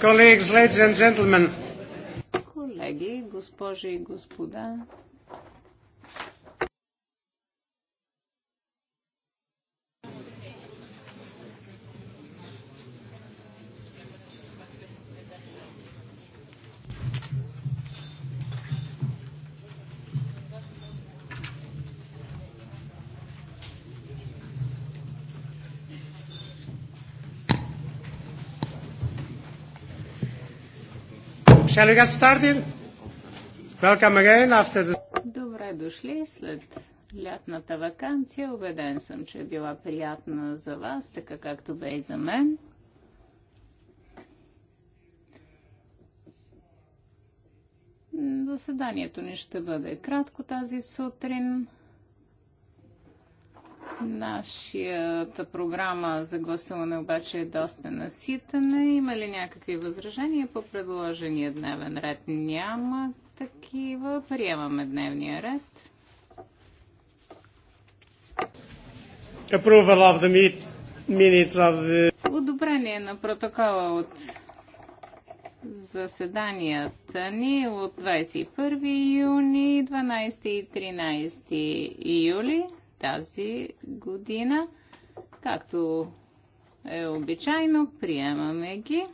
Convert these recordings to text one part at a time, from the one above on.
Колеги, госпожи и господа, Shall we get started? Welcome again after the... Добре дошли след лятната вакансия. Убеден съм, че е била приятна за вас, така както бе и за мен. Заседанието ни ще бъде кратко тази сутрин. Нашата програма за гласуване обаче е доста наситена. Има ли някакви възражения по предложения дневен ред? Няма такива. Приемаме дневния ред. Одобрение на протокола от заседанията ни от 21 юни, 12 и 13 юли тази година. Както е обичайно, приемаме ги.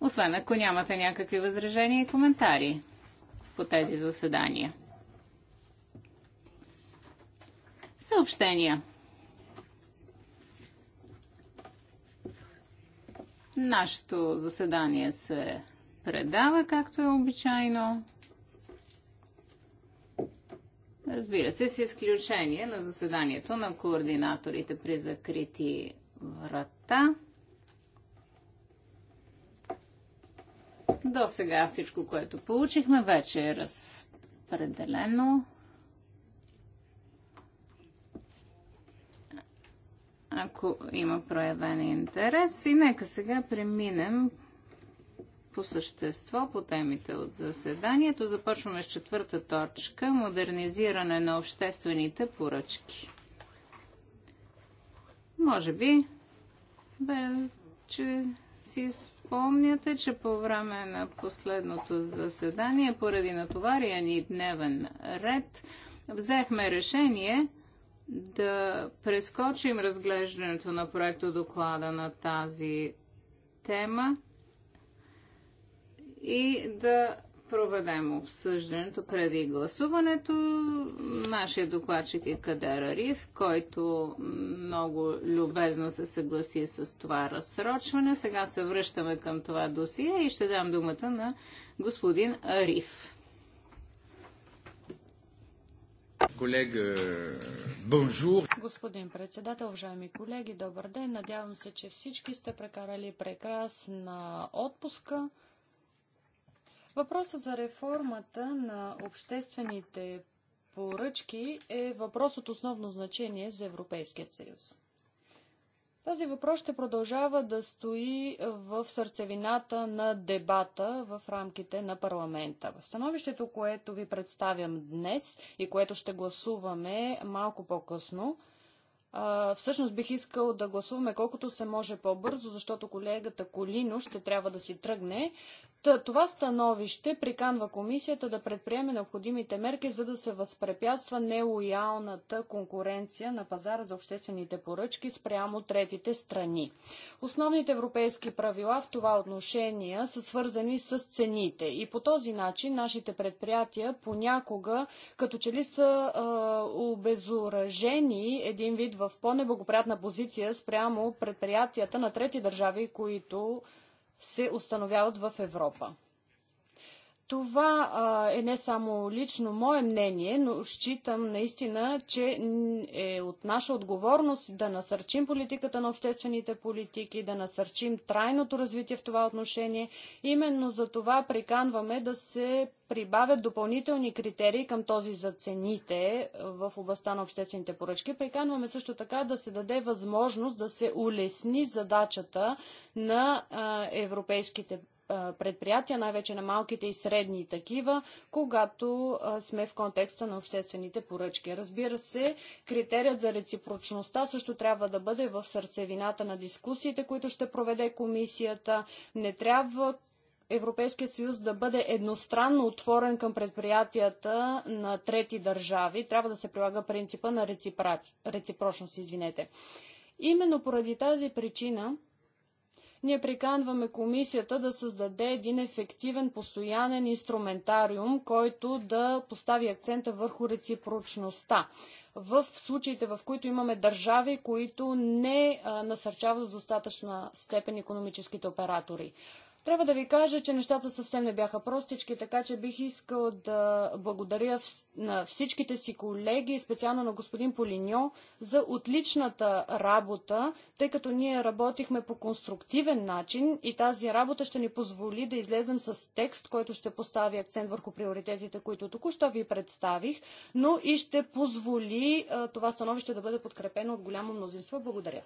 Освен ако нямате някакви възражения и коментари по тези заседания. Съобщения. Нашето заседание се предава, както е обичайно. Разбира се, с изключение на заседанието на координаторите при закрити врата. До сега всичко, което получихме, вече е разпределено. Ако има проявен интерес и нека сега преминем по същество по темите от заседанието. Започваме с четвърта точка – модернизиране на обществените поръчки. Може би, бе, че си спомняте, че по време на последното заседание, поради натовария ни дневен ред, взехме решение – да прескочим разглеждането на проекто доклада на тази тема и да проведем обсъждането преди гласуването. Нашия докладчик е Кадер Ариф, който много любезно се съгласи с това разсрочване. Сега се връщаме към това досие и ще дам думата на господин Ариф. Колега, бонжур! Господин председател, уважаеми колеги, добър ден. Надявам се, че всички сте прекарали прекрасна отпуска. Въпросът за реформата на обществените поръчки е въпрос от основно значение за Европейския съюз. Този въпрос ще продължава да стои в сърцевината на дебата в рамките на парламента. Становището, което ви представям днес и което ще гласуваме малко по-късно, всъщност бих искал да гласуваме колкото се може по-бързо, защото колегата Колино ще трябва да си тръгне. Това становище приканва комисията да предприеме необходимите мерки, за да се възпрепятства нелоялната конкуренция на пазара за обществените поръчки спрямо третите страни. Основните европейски правила в това отношение са свързани с цените и по този начин нашите предприятия понякога като че ли са а, обезоръжени един вид в по-неблагоприятна позиция спрямо предприятията на трети държави, които се установяват в Европа. Това а, е не само лично мое мнение, но считам наистина, че е от наша отговорност да насърчим политиката на обществените политики, да насърчим трайното развитие в това отношение. Именно за това приканваме да се прибавят допълнителни критерии към този за цените в областта на обществените поръчки. Приканваме също така да се даде възможност да се улесни задачата на а, европейските предприятия, най-вече на малките и средни такива, когато сме в контекста на обществените поръчки. Разбира се, критерият за реципрочността също трябва да бъде в сърцевината на дискусиите, които ще проведе комисията. Не трябва Европейския съюз да бъде едностранно отворен към предприятията на трети държави. Трябва да се прилага принципа на реципрочност. Извинете. Именно поради тази причина ние приканваме комисията да създаде един ефективен постоянен инструментариум, който да постави акцента върху реципрочността. В случаите, в които имаме държави, които не насърчават в достатъчна степен економическите оператори. Трябва да ви кажа, че нещата съвсем не бяха простички, така че бих искал да благодаря на всичките си колеги, специално на господин Полиньо, за отличната работа, тъй като ние работихме по конструктивен начин и тази работа ще ни позволи да излезем с текст, който ще постави акцент върху приоритетите, които току-що ви представих, но и ще позволи е, това становище да бъде подкрепено от голямо мнозинство. Благодаря.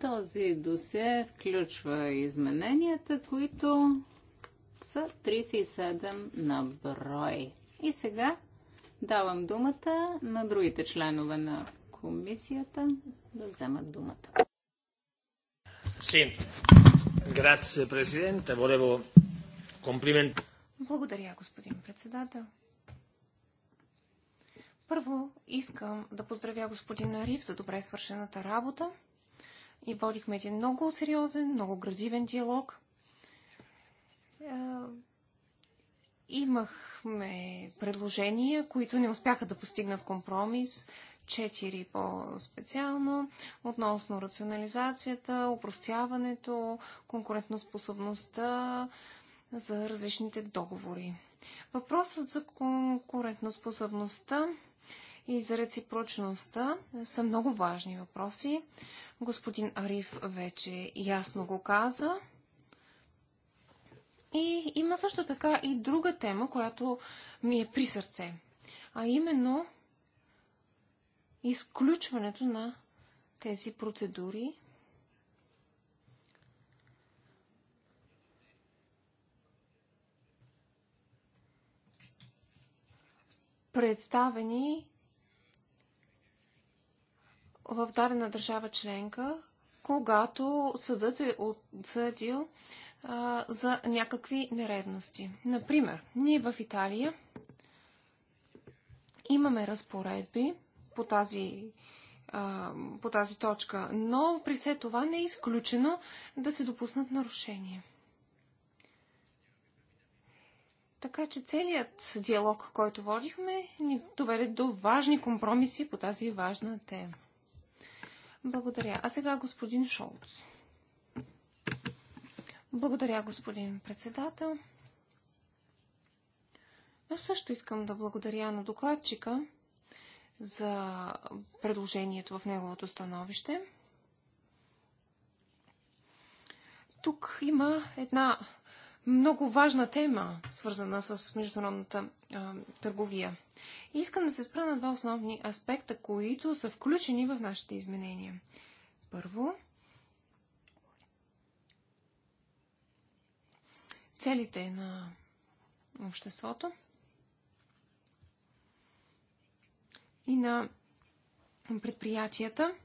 Този досе включва измененията, които са 37 на брой. И сега давам думата на другите членове на комисията да вземат думата. комплимент. Благодаря, господин председател. Първо искам да поздравя господин Ариф за добре свършената работа и водихме един много сериозен, много градивен диалог. Е, имахме предложения, които не успяха да постигнат компромис. Четири по-специално относно рационализацията, упростяването, конкурентоспособността за различните договори. Въпросът за конкурентоспособността и за реципрочността са много важни въпроси. Господин Ариф вече ясно го каза. И има също така и друга тема, която ми е при сърце, а именно изключването на тези процедури представени в дадена държава членка, когато съдът е отсъдил а, за някакви нередности. Например, ние в Италия имаме разпоредби по тази, а, по тази точка, но при все това не е изключено да се допуснат нарушения. Така че целият диалог, който водихме, ни доведе до важни компромиси по тази важна тема. Благодаря. А сега господин Шолц. Благодаря, господин председател. Аз също искам да благодаря на докладчика за предложението в неговото становище. Тук има една много важна тема, свързана с международната а, търговия. И искам да се спра на два основни аспекта, които са включени в нашите изменения. Първо, целите на обществото и на предприятията –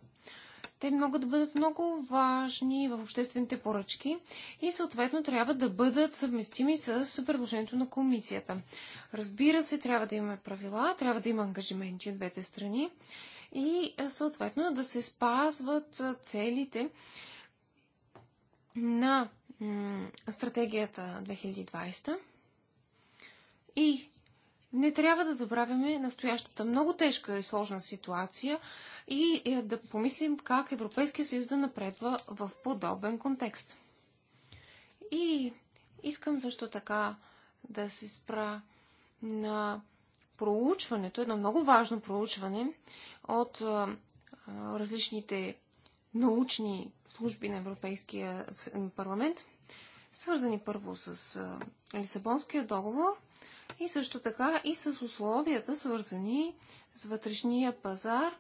те могат да бъдат много важни в обществените поръчки и съответно трябва да бъдат съвместими с предложението на комисията. Разбира се, трябва да имаме правила, трябва да има ангажименти от двете страни и съответно да се спазват целите на стратегията 2020 и не трябва да забравяме настоящата много тежка и сложна ситуация и е, да помислим как Европейския съюз да напредва в подобен контекст. И искам също така да се спра на проучването, едно много важно проучване от е, различните научни служби на Европейския парламент, свързани първо с е, Лисабонския договор и също така и с условията, свързани с вътрешния пазар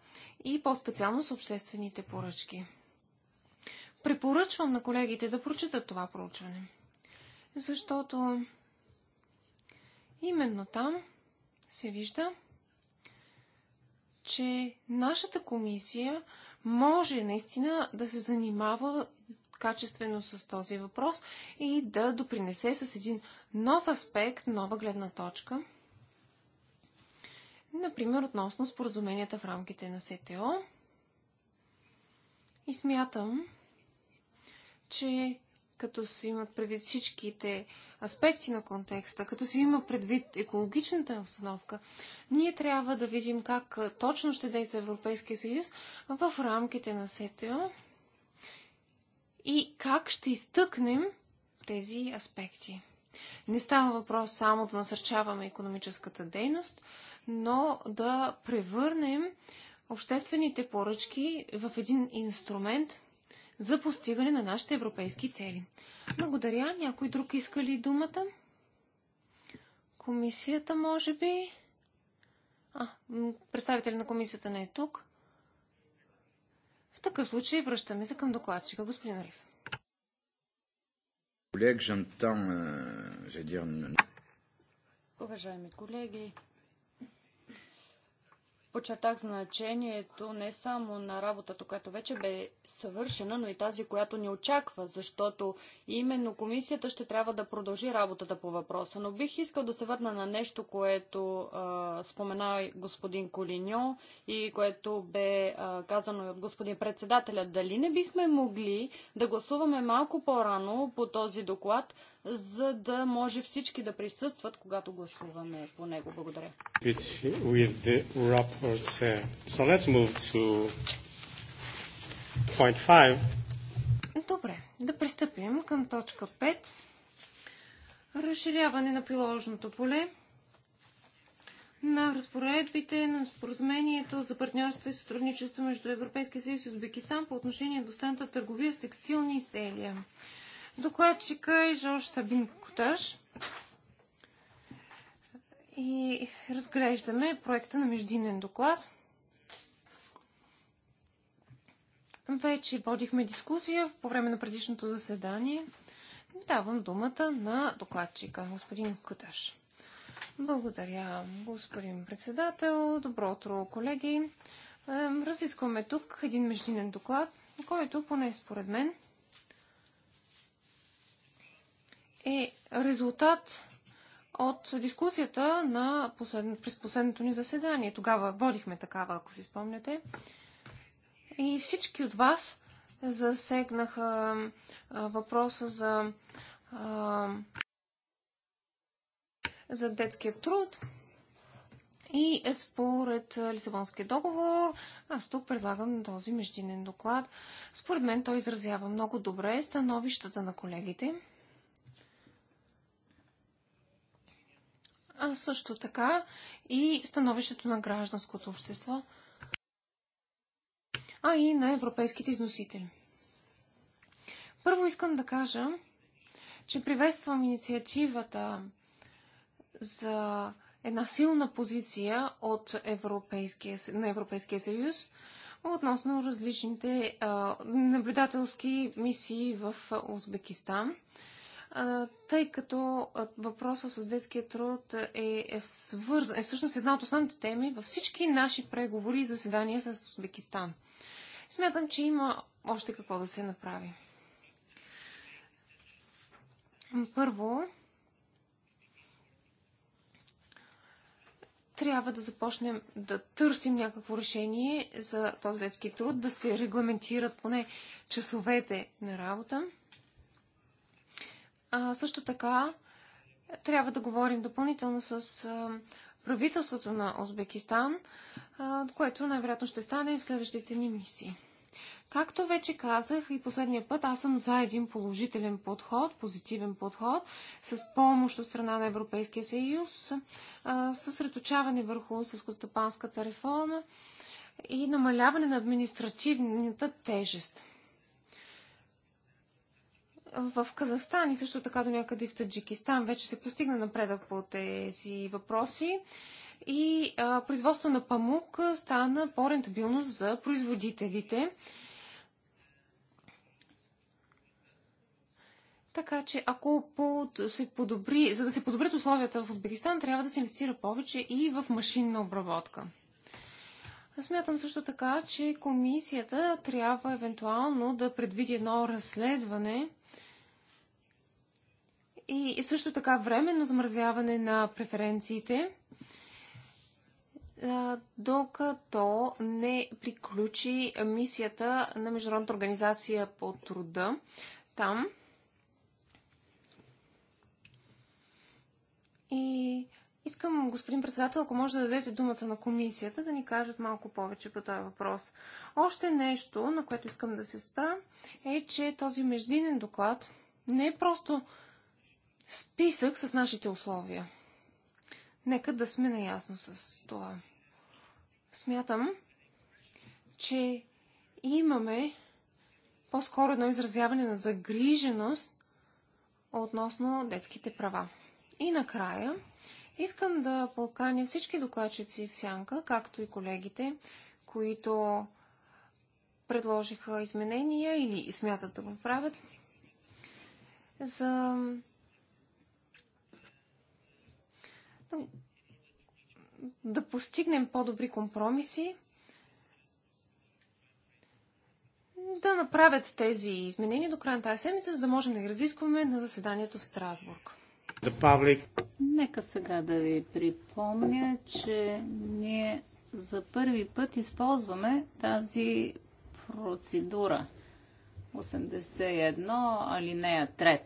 и по-специално с обществените поръчки. Препоръчвам на колегите да прочитат това проучване, защото именно там се вижда, че нашата комисия може наистина да се занимава качествено с този въпрос и да допринесе с един нов аспект, нова гледна точка. Например, относно споразуменията в рамките на СТО. И смятам, че като се имат предвид всичките аспекти на контекста, като се има предвид екологичната обстановка, ние трябва да видим как точно ще действа Европейския съюз в рамките на СТО и как ще изтъкнем тези аспекти. Не става въпрос само да насърчаваме економическата дейност, но да превърнем обществените поръчки в един инструмент за постигане на нашите европейски цели. Благодаря. Някой друг иска ли думата? Комисията, може би. А, представител на комисията не е тук. В такъв случай връщаме се към докладчика, господин Риф. Euh, Уважаеми колеги, Почертах значението не само на работата, която вече бе съвършена, но и тази, която ни очаква, защото именно комисията ще трябва да продължи работата по въпроса. Но бих искал да се върна на нещо, което а, спомена господин Колиньо и което бе а, казано и от господин председателя. Дали не бихме могли да гласуваме малко по-рано по този доклад, за да може всички да присъстват, когато гласуваме по него. Благодаря. So Добре, да пристъпим към точка 5. Разширяване на приложното поле на разпоредбите на споразумението за партньорство и сътрудничество между Европейския съюз и Узбекистан по отношение на достаната търговия с текстилни изделия. Докладчика и е Жорж Сабин Коташ. И разглеждаме проекта на междинен доклад. Вече водихме дискусия по време на предишното заседание. Давам думата на докладчика, господин Коташ. Благодаря, господин председател. Добро утро, колеги. Разискваме тук един междинен доклад, който, поне според мен, е резултат от дискусията на послед... през последното ни заседание. Тогава водихме такава, ако си спомняте. И всички от вас засегнаха а, въпроса за, а, за детския труд. И според Лисабонския договор, аз тук предлагам този междинен доклад. Според мен той изразява много добре становищата на колегите а също така и становището на гражданското общество, а и на европейските износители. Първо искам да кажа, че приветствам инициативата за една силна позиция от Европейския, на Европейския съюз относно различните а, наблюдателски мисии в Узбекистан тъй като въпроса с детския труд е, е свързан, е всъщност една от основните теми във всички наши преговори и заседания с Узбекистан. Смятам, че има още какво да се направи. Първо, трябва да започнем да търсим някакво решение за този детски труд, да се регламентират поне часовете на работа. А, също така, трябва да говорим допълнително с правителството на Узбекистан, което най-вероятно ще стане в следващите ни мисии. Както вече казах и последния път, аз съм за един положителен подход, позитивен подход, с помощ от страна на Европейския съюз, съсредоточаване върху сълскостопанската реформа и намаляване на административната тежест. В Казахстан и също така до някъде в Таджикистан вече се постигна напредък по тези въпроси и а, производство на памук стана по-рентабилно за производителите. Така че, ако под, се подобри, за да се подобрят условията в Узбекистан, трябва да се инвестира повече и в машинна обработка. Смятам също така, че комисията трябва евентуално да предвиди едно разследване и също така временно замразяване на преференциите, докато не приключи мисията на Международната организация по труда там. И искам, господин председател, ако може да дадете думата на комисията, да ни кажат малко повече по този въпрос. Още нещо, на което искам да се спра, е, че този междинен доклад не е просто списък с нашите условия. Нека да сме наясно с това. Смятам, че имаме по-скоро едно изразяване на загриженост относно детските права. И накрая искам да поканя всички докладчици в сянка, както и колегите, които предложиха изменения или смятат да го правят, за да постигнем по-добри компромиси, да направят тези изменения до края на тази седмица, за да можем да ги разискваме на заседанието в Страсбург. Нека сега да ви припомня, че ние за първи път използваме тази процедура. 81 алинея 3.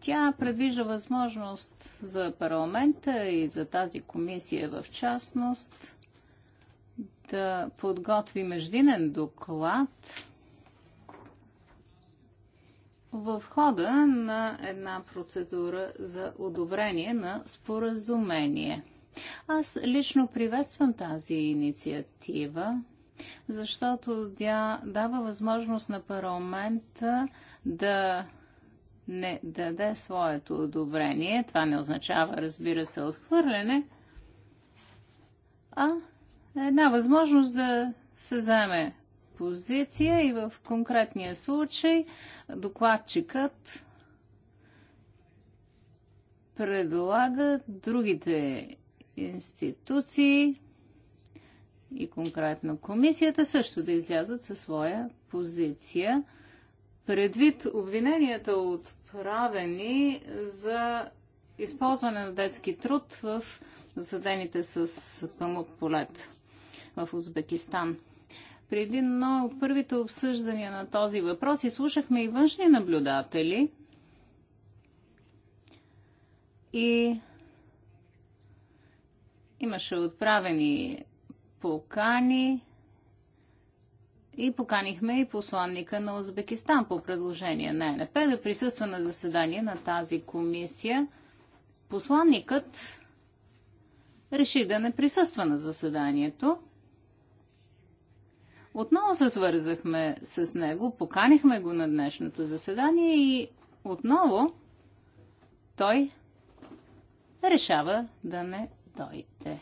Тя предвижда възможност за парламента и за тази комисия в частност да подготви междинен доклад в хода на една процедура за одобрение на споразумение. Аз лично приветствам тази инициатива, защото тя дава възможност на парламента да не даде своето одобрение, това не означава, разбира се, отхвърляне, а една възможност да се заеме позиция и в конкретния случай докладчикът предлага другите институции и конкретно комисията също да излязат със своя позиция Предвид обвиненията отправени за използване на детски труд в задените с памук полет в Узбекистан. При едно от първите обсъждания на този въпрос слушахме и външни наблюдатели и имаше отправени покани и поканихме и посланника на Узбекистан по предложение на НП да присъства на заседание на тази комисия. Посланникът реши да не присъства на заседанието. Отново се свързахме с него, поканихме го на днешното заседание и отново той решава да не дойде.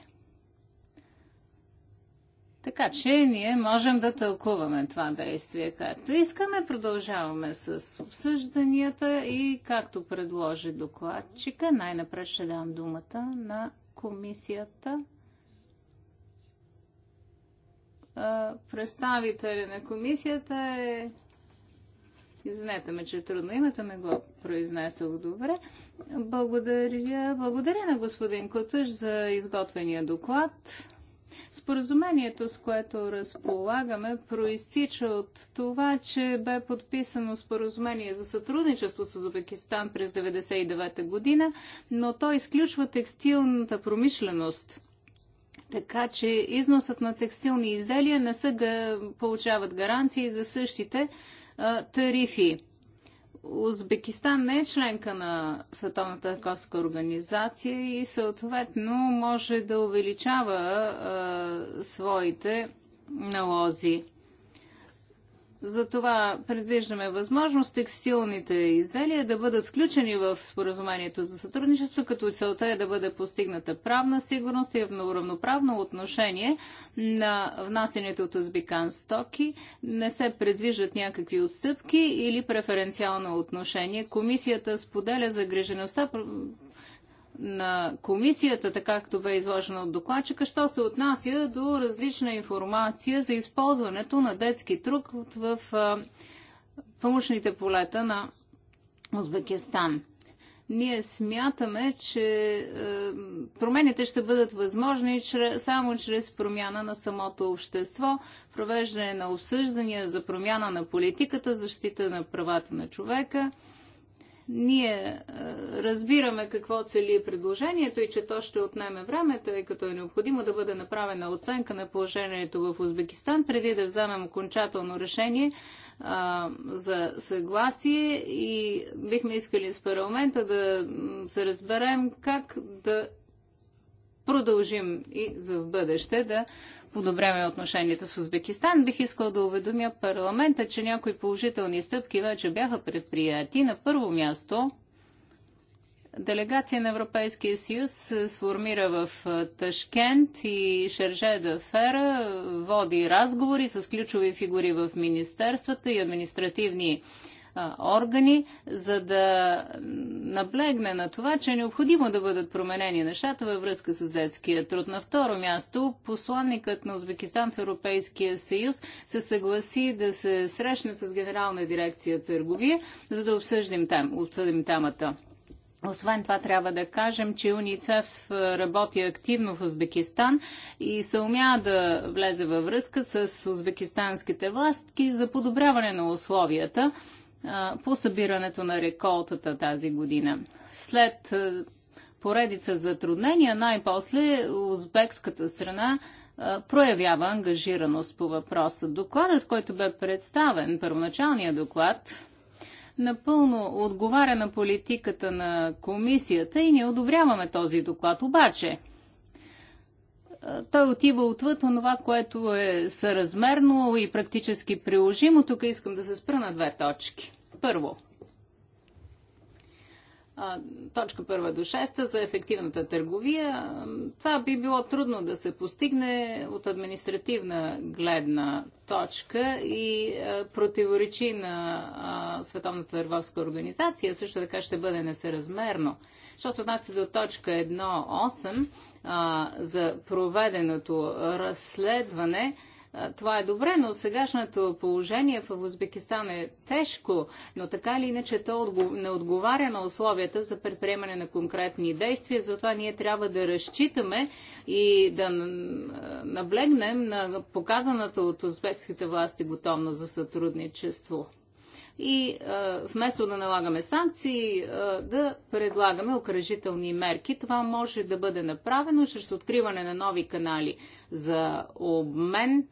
Така че ние можем да тълкуваме това действие както искаме. Продължаваме с обсъжданията и както предложи докладчика, най-напред ще дам думата на комисията. Представителя на комисията е Извинете ме, че трудно името не го произнесох добре. Благодаря, благодаря на господин Котъж за изготвения доклад. Споразумението, с което разполагаме, проистича от това, че бе подписано споразумение за сътрудничество с Узбекистан през 1999 година, но то изключва текстилната промишленост. Така че износът на текстилни изделия не са получават гаранции за същите а, тарифи. Узбекистан не е членка на Световната търговска организация и съответно може да увеличава а, своите налози. Затова предвиждаме възможност текстилните изделия да бъдат включени в споразумението за сътрудничество, като целта е да бъде постигната правна сигурност и равноправно отношение на внасянето от Узбекан стоки. Не се предвиждат някакви отстъпки или преференциално отношение. Комисията споделя загрижеността на комисията, така както бе изложено от докладчика, що се отнася до различна информация за използването на детски труд в помощните полета на Узбекистан. Ние смятаме, че е, промените ще бъдат възможни само чрез промяна на самото общество, провеждане на обсъждания за промяна на политиката, защита на правата на човека – ние е, разбираме какво цели предложението и че то ще отнеме време, тъй като е необходимо да бъде направена оценка на положението в Узбекистан, преди да вземем окончателно решение а, е, за съгласие и бихме искали с парламента да се разберем как да продължим и за в бъдеще да подобряваме отношенията с Узбекистан. Бих искал да уведомя парламента, че някои положителни стъпки вече бяха предприяти. На първо място Делегация на Европейския съюз се сформира в Ташкент и Шерже де Фера води разговори с ключови фигури в министерствата и административни органи, за да наблегне на това, че е необходимо да бъдат променени нещата във връзка с детския труд. На второ място, посланникът на Узбекистан в Европейския съюз се съгласи да се срещне с Генерална дирекция търговия, за да обсъждим, там, обсъдим темата. Освен това трябва да кажем, че УНИЦЕФ работи активно в Узбекистан и се умя да влезе във връзка с узбекистанските власти за подобряване на условията по събирането на реколтата тази година. След поредица затруднения, най-после узбекската страна проявява ангажираност по въпроса. Докладът, който бе представен, първоначалният доклад, напълно отговаря на политиката на комисията и ние одобряваме този доклад. Обаче, той отива отвъд това, което е съразмерно и практически приложимо. Тук искам да се спра на две точки. Първо, точка първа до шеста за ефективната търговия. Това би било трудно да се постигне от административна гледна точка и противоречи на Световната търговска организация. Също така ще бъде несъразмерно. Що се отнася до точка 1.8 за проведеното разследване, това е добре, но сегашното положение в Узбекистан е тежко, но така или иначе то не отговаря на условията за предприемане на конкретни действия, затова ние трябва да разчитаме и да наблегнем на показаната от узбекските власти готовност за сътрудничество. И вместо да налагаме санкции, да предлагаме окръжителни мерки. Това може да бъде направено чрез откриване на нови канали за обмен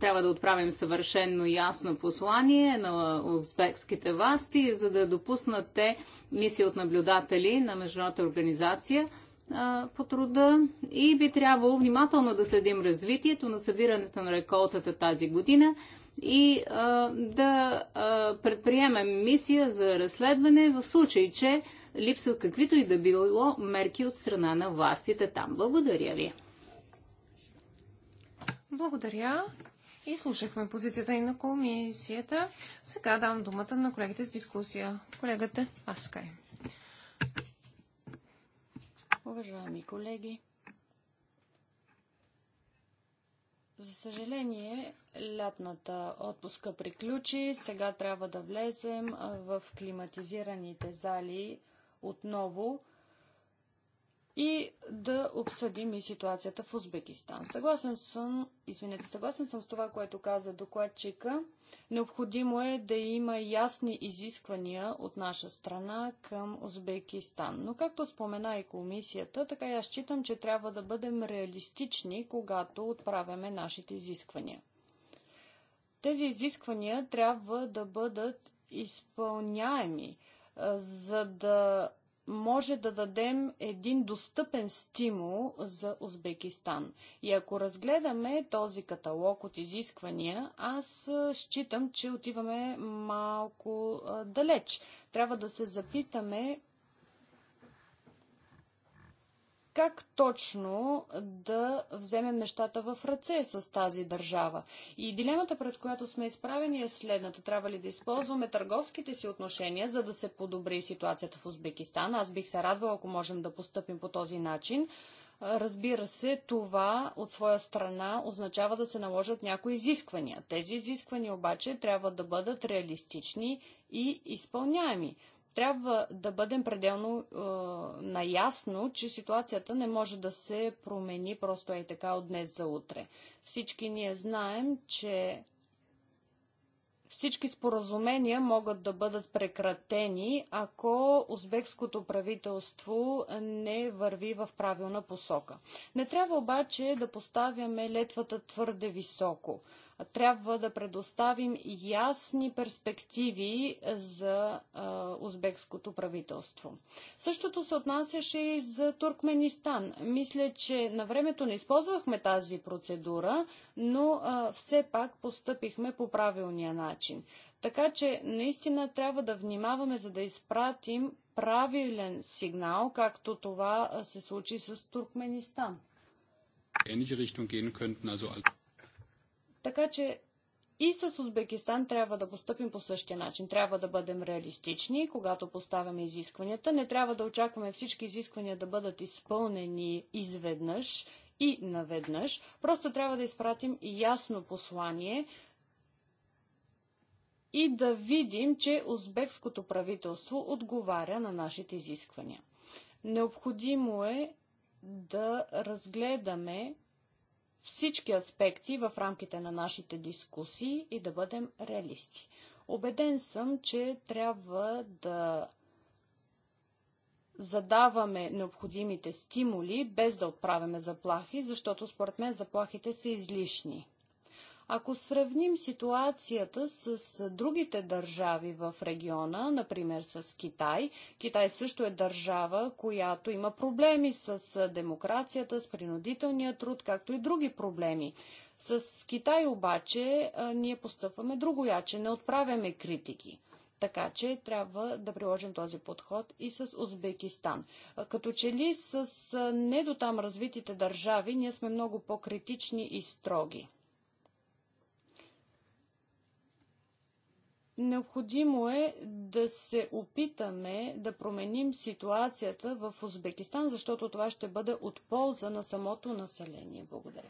трябва да отправим съвършенно ясно послание на узбекските власти, за да допуснат те мисия от наблюдатели на Международната организация по труда и би трябвало внимателно да следим развитието на събирането на реколтата тази година и а, да а, предприемем мисия за разследване в случай, че липсват каквито и да било мерки от страна на властите там. Благодаря ви. Благодаря. И слушахме позицията и на комисията. Сега давам думата на колегите с дискусия. Колегата Аскай. Уважаеми колеги, за съжаление, лятната отпуска приключи. Сега трябва да влезем в климатизираните зали отново и да обсъдим и ситуацията в Узбекистан. Съгласен съм, извинете, съгласен съм с това, което каза докладчика. Необходимо е да има ясни изисквания от наша страна към Узбекистан. Но както спомена и комисията, така и аз считам, че трябва да бъдем реалистични, когато отправяме нашите изисквания. Тези изисквания трябва да бъдат изпълняеми, за да може да дадем един достъпен стимул за Узбекистан. И ако разгледаме този каталог от изисквания, аз считам, че отиваме малко далеч. Трябва да се запитаме как точно да вземем нещата в ръце с тази държава. И дилемата, пред която сме изправени е следната. Трябва ли да използваме търговските си отношения, за да се подобри ситуацията в Узбекистан? Аз бих се радвала, ако можем да постъпим по този начин. Разбира се, това от своя страна означава да се наложат някои изисквания. Тези изисквания обаче трябва да бъдат реалистични и изпълняеми. Трябва да бъдем пределно е, наясно, че ситуацията не може да се промени просто е така от днес за утре. Всички ние знаем, че всички споразумения могат да бъдат прекратени, ако узбекското правителство не върви в правилна посока. Не трябва обаче да поставяме летвата твърде високо. Трябва да предоставим ясни перспективи за узбекското правителство. Същото се отнасяше и за Туркменистан. Мисля, че на времето не използвахме тази процедура, но все пак постъпихме по правилния начин. Така че наистина трябва да внимаваме, за да изпратим правилен сигнал, както това се случи с Туркменистан. Ähnliche Richtung gehen könnten, also така че и с Узбекистан трябва да поступим по същия начин. Трябва да бъдем реалистични, когато поставяме изискванията. Не трябва да очакваме всички изисквания да бъдат изпълнени изведнъж и наведнъж. Просто трябва да изпратим и ясно послание и да видим, че узбекското правителство отговаря на нашите изисквания. Необходимо е да разгледаме всички аспекти в рамките на нашите дискусии и да бъдем реалисти. Обеден съм, че трябва да задаваме необходимите стимули, без да отправяме заплахи, защото според мен заплахите са излишни. Ако сравним ситуацията с другите държави в региона, например с Китай, Китай също е държава, която има проблеми с демокрацията, с принудителния труд, както и други проблеми. С Китай обаче ние постъпваме яче, не отправяме критики. Така че трябва да приложим този подход и с Узбекистан. Като че ли с недотам развитите държави ние сме много по-критични и строги. Необходимо е да се опитаме да променим ситуацията в Узбекистан, защото това ще бъде от полза на самото население. Благодаря.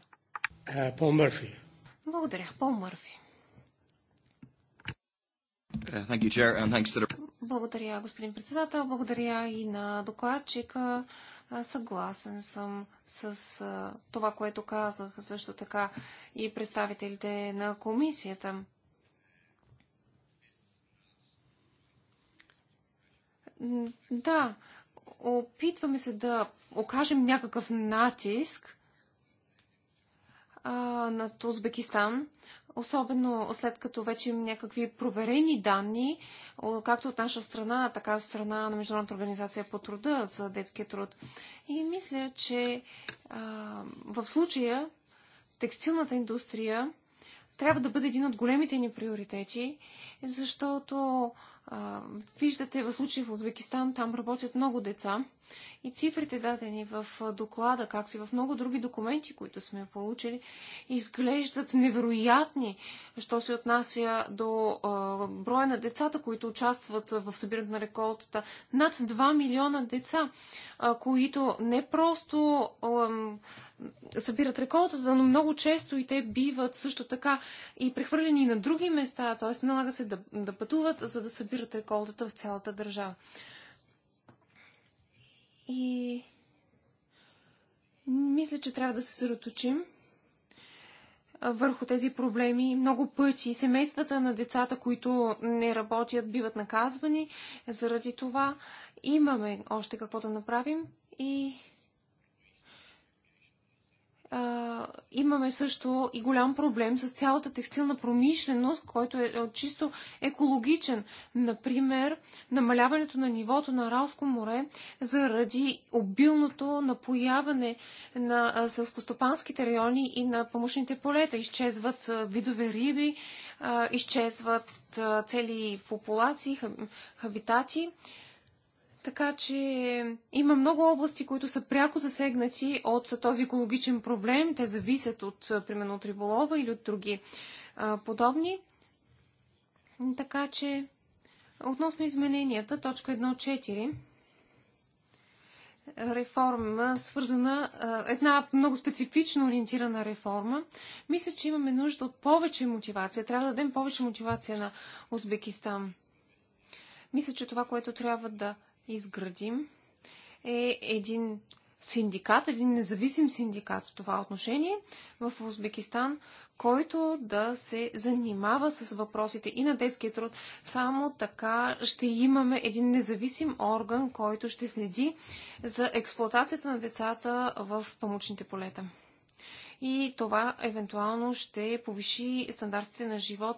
Е, Пол Мърфи. Благодаря. Пол Мърфи. Е, Благодаря, господин председател. Благодаря и на докладчика. Е, съгласен съм с това, което казах също така и представителите на комисията. Да, опитваме се да окажем някакъв натиск а, над Узбекистан, особено след като вече има някакви проверени данни, както от наша страна, така и от страна на Международната организация по труда за детския труд. И мисля, че а, в случая текстилната индустрия трябва да бъде един от големите ни приоритети, защото виждате в случай в Узбекистан, там работят много деца и цифрите дадени в доклада, както и в много други документи, които сме получили, изглеждат невероятни, що се отнася до броя на децата, които участват в събирането на реколтата. Над 2 милиона деца, които не просто събират реколтата, но много често и те биват също така и прехвърлени на други места, т.е. налага се да, да пътуват, за да събират реколтата в цялата държава. И мисля, че трябва да се съсредоточим върху тези проблеми. Много пъти семействата на децата, които не работят, биват наказвани. Заради това имаме още какво да направим и а, имаме също и голям проблем с цялата текстилна промишленост, който е, е чисто екологичен. Например, намаляването на нивото на Ралско море заради обилното напояване на селскостопанските райони и на помощните полета. Изчезват видове риби, а, изчезват цели популации, хабитати. Така че има много области, които са пряко засегнати от този екологичен проблем. Те зависят от, примерно, от риболова или от други а, подобни. Така че, относно измененията, точка 1.4 реформа, свързана, една много специфично ориентирана реформа. Мисля, че имаме нужда от повече мотивация. Трябва да дадем повече мотивация на Узбекистан. Мисля, че това, което трябва да изградим е един синдикат, един независим синдикат в това отношение в Узбекистан, който да се занимава с въпросите и на детския труд. Само така ще имаме един независим орган, който ще следи за експлуатацията на децата в помощните полета. И това евентуално ще повиши стандартите на живот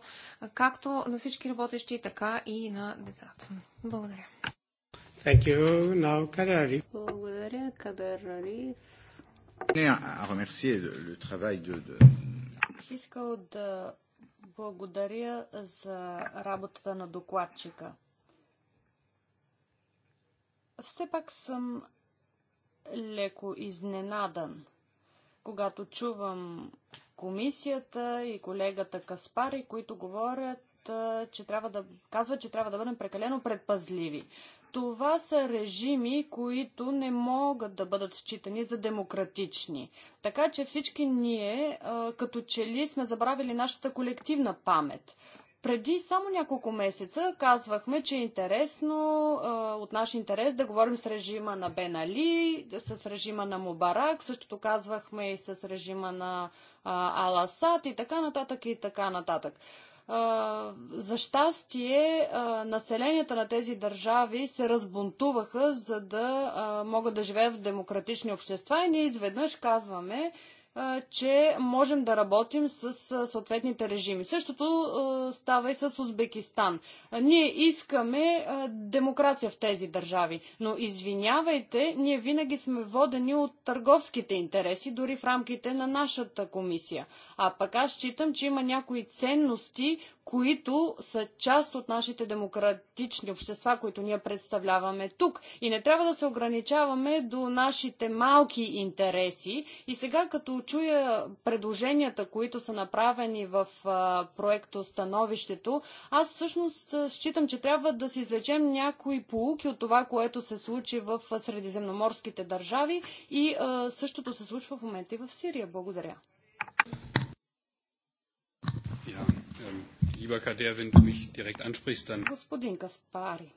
както на всички работещи, така и на децата. Благодаря. Thank you. Now, Kader Благодаря, Кадър Ариф. Бих искал да благодаря за работата на докладчика. Все пак съм леко изненадан, когато чувам комисията и колегата Каспари, които говорят, че трябва да, казват, че трябва да бъдем прекалено предпазливи. Това са режими, които не могат да бъдат считани за демократични. Така че всички ние, като че ли, сме забравили нашата колективна памет. Преди само няколко месеца казвахме, че е интересно, от наш интерес да говорим с режима на Бен Али, с режима на Мубарак, същото казвахме и с режима на Аласат и така нататък и така нататък. За щастие, населенията на тези държави се разбунтуваха, за да могат да живеят в демократични общества и ние изведнъж казваме, че можем да работим с съответните режими. Същото става и с Узбекистан. Ние искаме демокрация в тези държави, но извинявайте, ние винаги сме водени от търговските интереси, дори в рамките на нашата комисия. А пък аз считам, че има някои ценности, които са част от нашите демократични общества, които ние представляваме тук. И не трябва да се ограничаваме до нашите малки интереси. И сега, като чуя предложенията, които са направени в а, проекто Становището, аз всъщност считам, че трябва да си извлечем някои полуки от това, което се случи в средиземноморските държави и същото се случва в момента и в Сирия. Благодаря. Um, lieber Kader, wenn du mich direkt ansprichst, dann... Господин Каспари,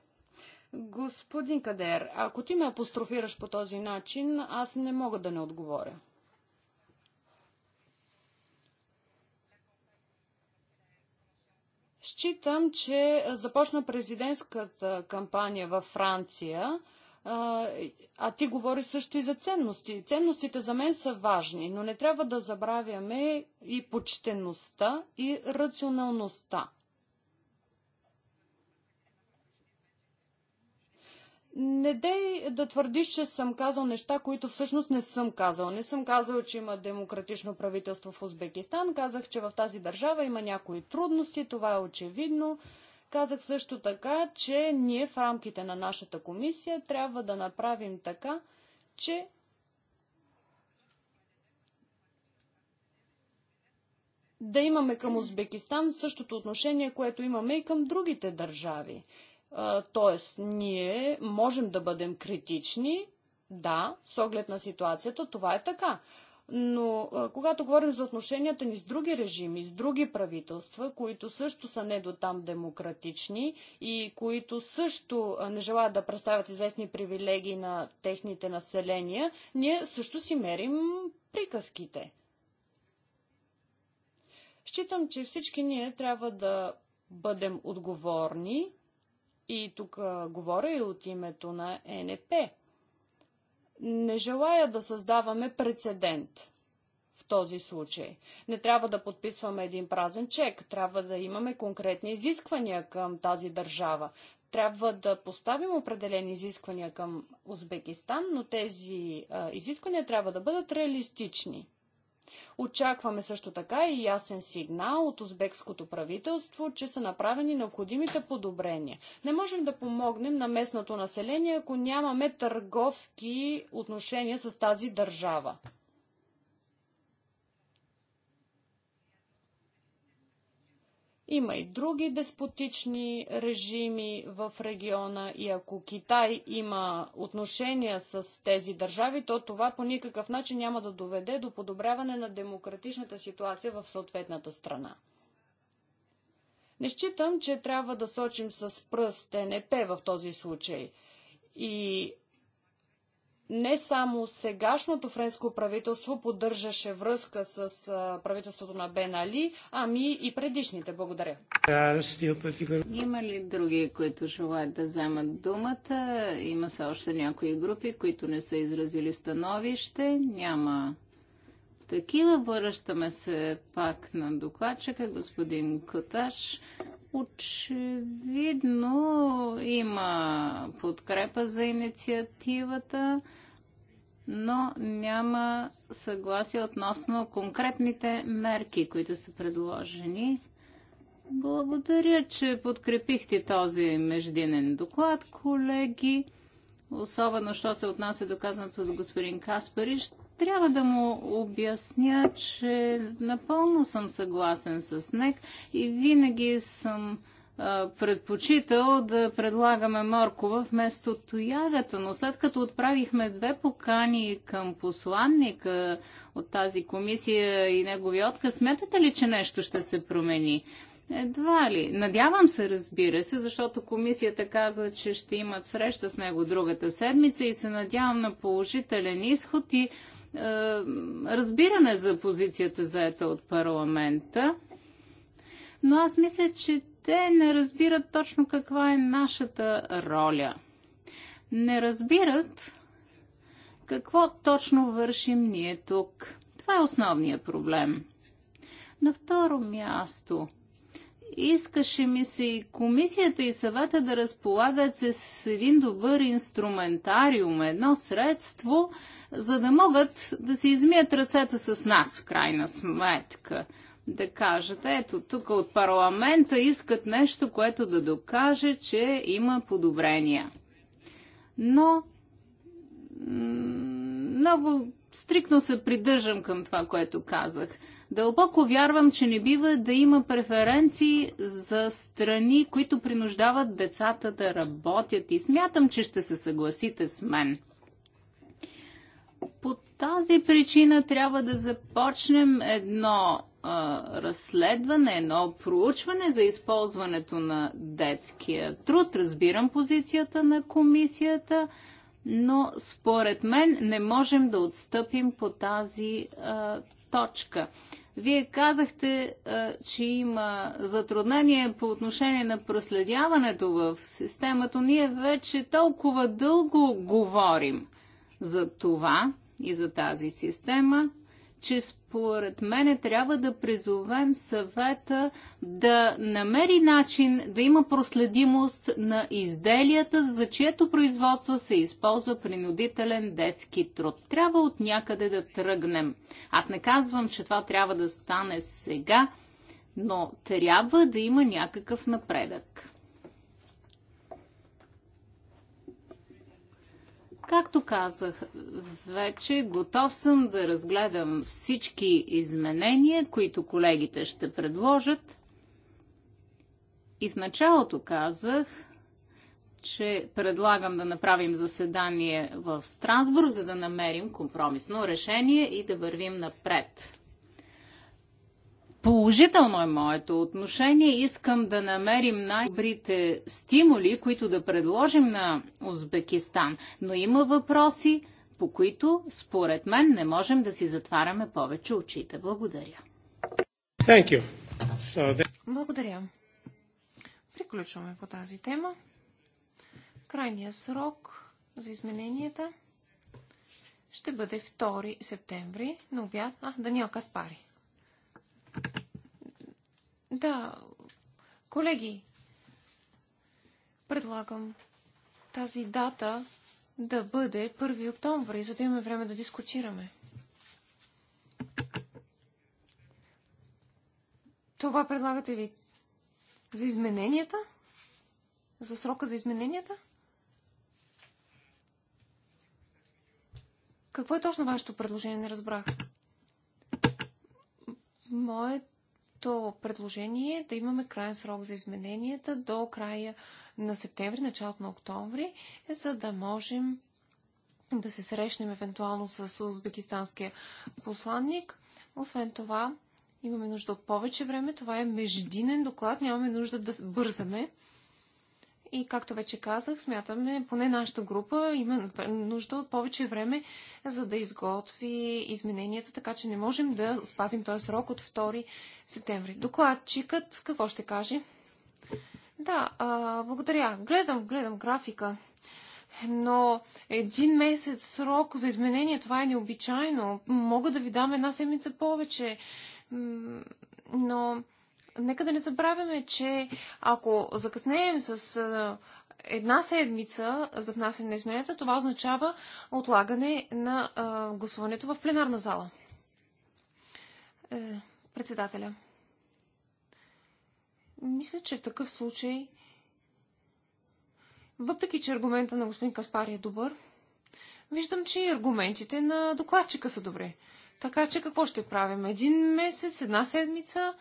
господин Кадер, ако ти ме апострофираш по този начин, аз не мога да не отговоря. Считам, че започна президентската кампания във Франция – а, а ти говори също и за ценности. Ценностите за мен са важни, но не трябва да забравяме и почтеността и рационалността. Не дей да твърдиш, че съм казал неща, които всъщност не съм казал. Не съм казал, че има демократично правителство в Узбекистан. Казах, че в тази държава има някои трудности, това е очевидно. Казах също така, че ние в рамките на нашата комисия трябва да направим така, че да имаме към Узбекистан същото отношение, което имаме и към другите държави. Тоест, ние можем да бъдем критични, да, с оглед на ситуацията, това е така. Но когато говорим за отношенията ни с други режими, с други правителства, които също са не до там демократични и които също не желаят да представят известни привилегии на техните населения, ние също си мерим приказките. Считам, че всички ние трябва да бъдем отговорни и тук говоря и от името на НП. Не желая да създаваме прецедент в този случай. Не трябва да подписваме един празен чек, трябва да имаме конкретни изисквания към тази държава. Трябва да поставим определени изисквания към Узбекистан, но тези а, изисквания трябва да бъдат реалистични. Очакваме също така и ясен сигнал от узбекското правителство, че са направени необходимите подобрения. Не можем да помогнем на местното население, ако нямаме търговски отношения с тази държава. Има и други деспотични режими в региона и ако Китай има отношения с тези държави, то това по никакъв начин няма да доведе до подобряване на демократичната ситуация в съответната страна. Не считам, че трябва да сочим с пръст ТНП в този случай. И не само сегашното френско правителство поддържаше връзка с правителството на Бен Али, ами и предишните. Благодаря. Има ли други, които желаят да вземат думата? Има се още някои групи, които не са изразили становище. Няма такива. Връщаме се пак на докладчика, господин Коташ. Очевидно има подкрепа за инициативата, но няма съгласие относно конкретните мерки, които са предложени. Благодаря, че подкрепихте този междинен доклад, колеги особено що се отнася до казаното от господин Каспариш, трябва да му обясня, че напълно съм съгласен с НЕК и винаги съм предпочитал да предлагаме моркова вместо тоягата, но след като отправихме две покани към посланника от тази комисия и негови отказ, смятате ли, че нещо ще се промени? Едва ли. Надявам се, разбира се, защото комисията каза, че ще имат среща с него другата седмица и се надявам на положителен изход и е, разбиране за позицията заета от парламента, но аз мисля, че те не разбират точно каква е нашата роля. Не разбират какво точно вършим ние тук. Това е основният проблем. На второ място, искаше ми се и комисията и съвета да разполагат с един добър инструментариум, едно средство, за да могат да се измият ръцете с нас, в крайна сметка. Да кажат, ето тук от парламента искат нещо, което да докаже, че има подобрения. Но много стрикно се придържам към това, което казах. Дълбоко вярвам, че не бива да има преференции за страни, които принуждават децата да работят и смятам, че ще се съгласите с мен – тази причина трябва да започнем едно а, разследване, едно проучване за използването на детския труд. Разбирам позицията на комисията, но според мен не можем да отстъпим по тази а, точка. Вие казахте, а, че има затруднение по отношение на проследяването в системата. Ние вече толкова дълго говорим за това и за тази система, че според мене трябва да призовем съвета да намери начин да има проследимост на изделията, за чието производство се използва принудителен детски труд. Трябва от някъде да тръгнем. Аз не казвам, че това трябва да стане сега, но трябва да има някакъв напредък. Както казах, вече готов съм да разгледам всички изменения, които колегите ще предложат. И в началото казах, че предлагам да направим заседание в Страсбург, за да намерим компромисно решение и да вървим напред. Положително е моето отношение. Искам да намерим най-добрите стимули, които да предложим на Узбекистан. Но има въпроси, по които, според мен, не можем да си затваряме повече очите. Благодаря. Thank you. So that... Благодаря. Приключваме по тази тема. Крайният срок за измененията ще бъде 2 септември на обяд. А, Даниел Каспари. Да, колеги, предлагам тази дата да бъде 1 октомври, за да имаме време да дискутираме. Това предлагате ви за измененията? За срока за измененията? Какво е точно вашето предложение? Не разбрах. Моето предложение е да имаме крайен срок за измененията до края на септември, началото на октомври, за да можем да се срещнем евентуално с узбекистанския посланник. Освен това, имаме нужда от повече време. Това е междинен доклад, нямаме нужда да бързаме. И както вече казах, смятаме, поне нашата група има нужда от повече време, за да изготви измененията, така че не можем да спазим този срок от 2 септември. Докладчикът какво ще каже? Да, а, благодаря. Гледам, гледам графика. Но един месец срок за изменение, това е необичайно. Мога да ви дам една седмица повече. Но нека да не забравяме, че ако закъснеем с една седмица за внасяне на измененията, това означава отлагане на гласуването в пленарна зала. Е, председателя. Мисля, че в такъв случай, въпреки че аргумента на господин Каспари е добър, виждам, че и аргументите на докладчика са добре. Така че какво ще правим? Един месец, една седмица?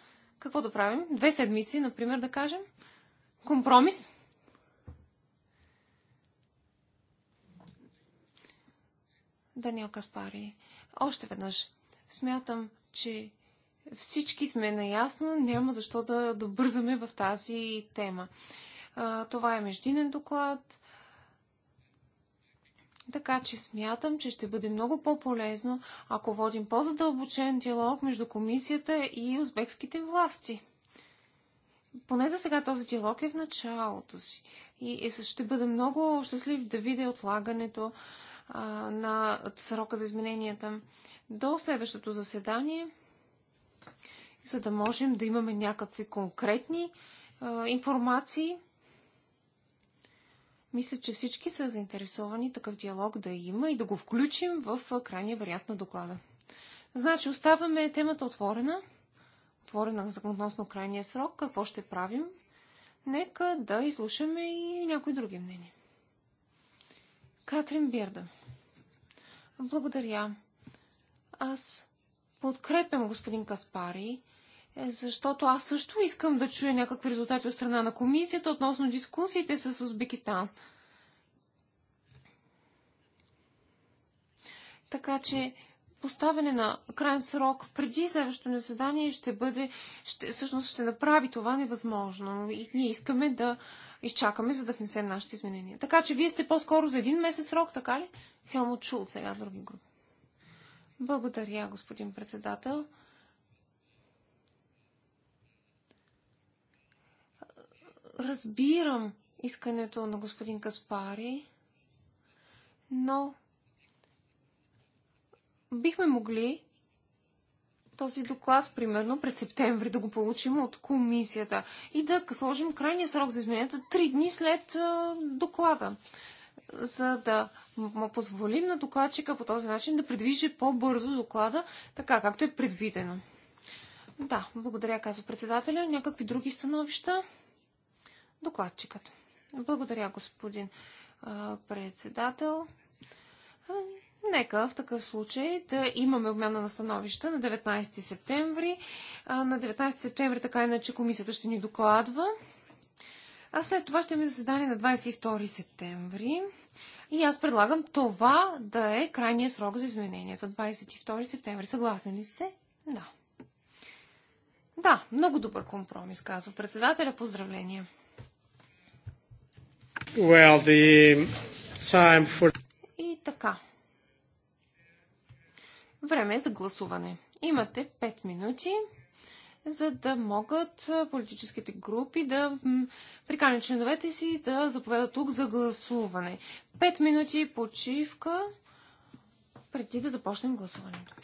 Какво да правим? Две седмици, например, да кажем. Компромис. Даниел Каспари. Още веднъж. Смятам, че всички сме наясно, няма защо да, да бързаме в тази тема. А, това е междинен доклад. Така че смятам, че ще бъде много по-полезно, ако водим по-задълбочен диалог между комисията и узбекските власти. Поне за сега този диалог е в началото си. И ще бъда много щастлив да видя отлагането а, на срока за измененията до следващото заседание, за да можем да имаме някакви конкретни а, информации мисля, че всички са заинтересовани такъв диалог да има и да го включим в крайния вариант на доклада. Значи, оставаме темата отворена. Отворена за относно крайния срок. Какво ще правим? Нека да изслушаме и някои други мнения. Катрин Бирда. Благодаря. Аз подкрепям господин Каспари е, защото аз също искам да чуя някакви резултати от страна на комисията относно дискусиите с Узбекистан. Така че поставяне на крайен срок преди следващото заседание ще бъде, ще, всъщност ще направи това невъзможно. И ние искаме да изчакаме, за да внесем нашите изменения. Така че вие сте по-скоро за един месец срок, така ли? Хелмо чул сега, други групи. Благодаря, господин председател. разбирам искането на господин Каспари, но бихме могли този доклад, примерно през септември, да го получим от комисията и да сложим крайния срок за измененията три дни след доклада, за да му позволим на докладчика по този начин да предвижи по-бързо доклада, така както е предвидено. Да, благодаря, казва председателя. Някакви други становища? Докладчикът. Благодаря, господин председател. Нека в такъв случай да имаме обмяна на становища на 19 септември. На 19 септември така иначе комисията ще ни докладва. А след това ще имаме заседание на 22 септември. И аз предлагам това да е крайния срок за измененията. 22 септември. Съгласни ли сте? Да. Да, много добър компромис, казва председателя. Поздравления. Well, the time for... И така. Време за гласуване. Имате 5 минути, за да могат политическите групи да приканят членовете си да заповедат тук за гласуване. 5 минути почивка преди да започнем гласуването.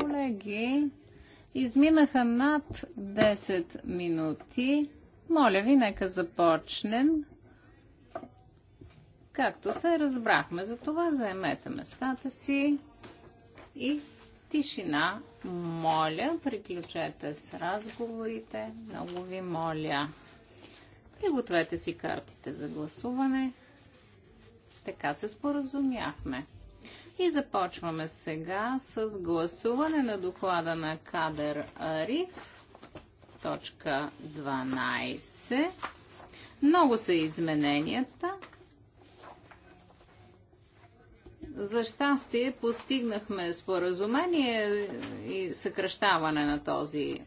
Колеги, изминаха над 10 минути. Моля ви, нека започнем. Както се разбрахме за това, заемете местата си и тишина. Моля, приключете с разговорите. Много ви моля. Пригответе си картите за гласуване. Така се споразумяхме. И започваме сега с гласуване на доклада на Кадър Ариф, точка 12. Много са измененията. За щастие постигнахме споразумение и съкръщаване на този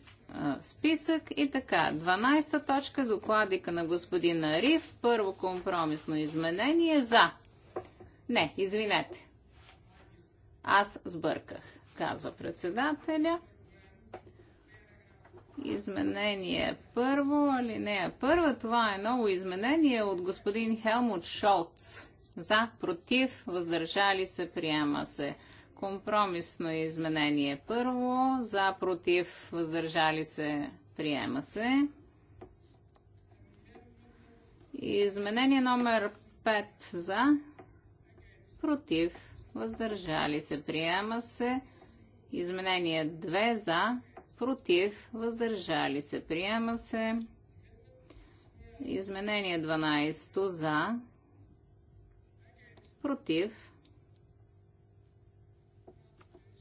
списък. И така, 12-та точка, докладика на господин Ариф, първо компромисно изменение за. Не, извинете. Аз сбърках, казва председателя. Изменение първо, алинея първа, това е ново изменение от господин Хелмут Шолц. За, против, въздържали се, приема се. Компромисно изменение първо, за, против, въздържали се, приема се. Изменение номер 5 за, против, въздържали се, приема се. Изменение 2 за, против, въздържали се, приема се. Изменение 12 за, против,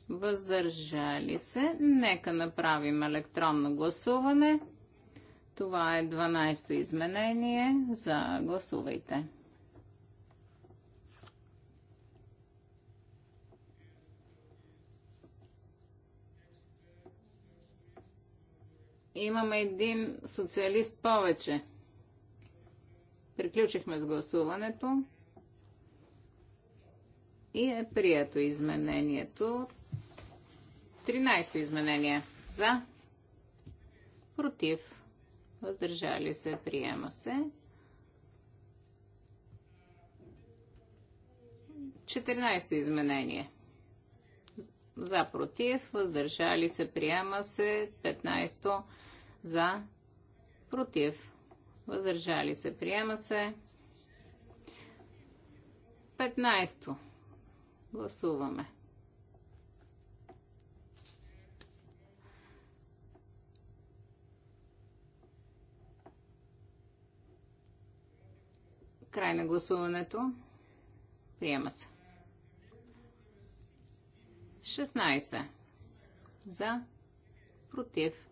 въздържали се. Нека направим електронно гласуване. Това е 12-то изменение. За гласувайте. Имаме един социалист повече. Приключихме с гласуването и е прието изменението. 13-то изменение. За. Против. Въздържали се. Приема се. 14-то изменение. За. Против. Въздържали се. Приема се. 15-то за, против, въздържали се, приема се. 15. то Гласуваме. Край на гласуването. Приема се. 16. За. Против.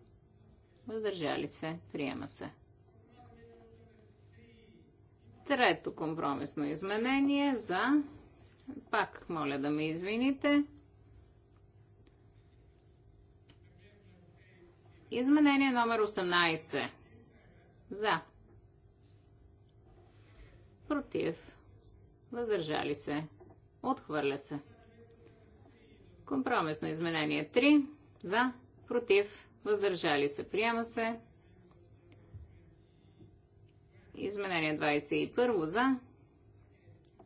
Въздържали се. Приема се. Трето компромисно изменение за... Пак моля да ме извините. Изменение номер 18. За. Против. Въздържали се. Отхвърля се. Компромисно изменение 3. За. Против въздържали се, приема се. Изменение 21 за,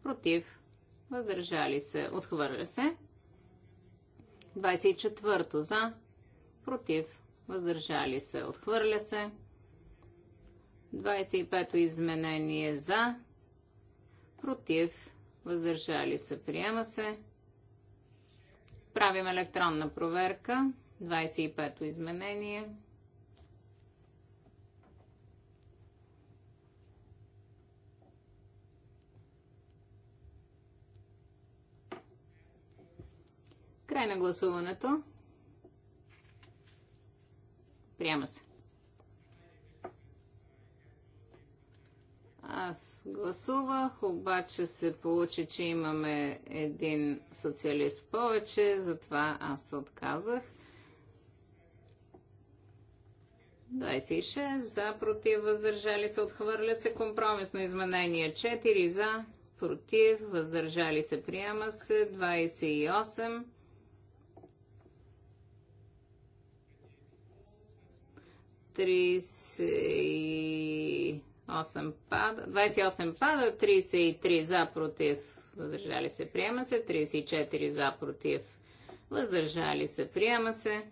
против, въздържали се, отхвърля се. 24 за, против, въздържали се, отхвърля се. 25 изменение за, против, въздържали се, приема се. Правим електронна проверка. 25-то изменение. Край на гласуването. Приема се. Аз гласувах, обаче се получи, че имаме един социалист повече, затова аз се отказах. 26 за, против, въздържали се, отхвърля се компромисно изменение 4 за, против, въздържали се, приема се 28. пада, 28 пада, 33 за против, въздържали се, приема се, 34 за против, въздържали се, приема се,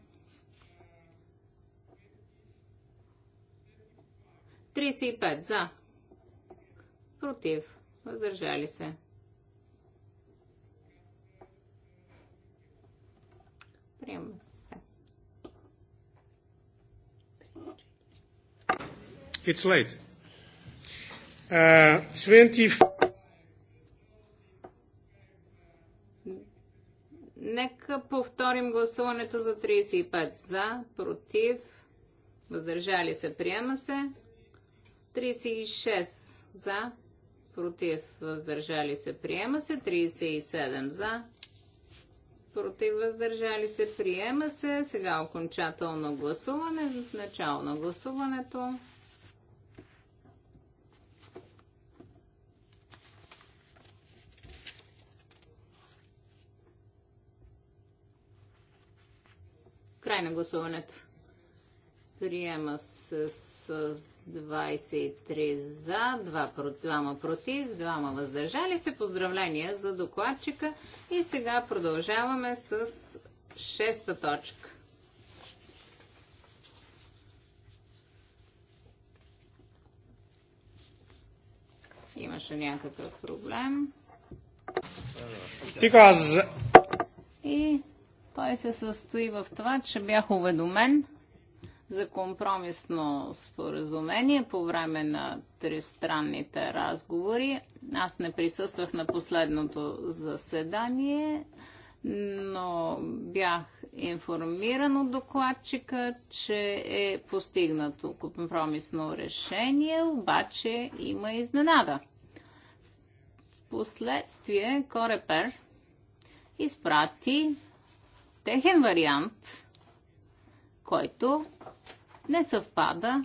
35 за. Против. Въздържали се. Приема се. It's late. Uh, Нека повторим гласуването за 35 за, против, въздържали се, приема се. 36 за, против, въздържали се, приема се. 37 за, против, въздържали се, приема се. Сега окончателно гласуване, начало на гласуването. Край на гласуването. Приема с 23 за, 2 2 против, 2 въздържали се. Поздравления за докладчика. И сега продължаваме с шеста точка. Имаше някакъв проблем. Because... И той се състои в това, че бях уведомен, за компромисно споразумение по време на тристранните разговори. Аз не присъствах на последното заседание, но бях информиран от докладчика, че е постигнато компромисно решение, обаче има изненада. Впоследствие Корепер изпрати техен вариант – който не съвпада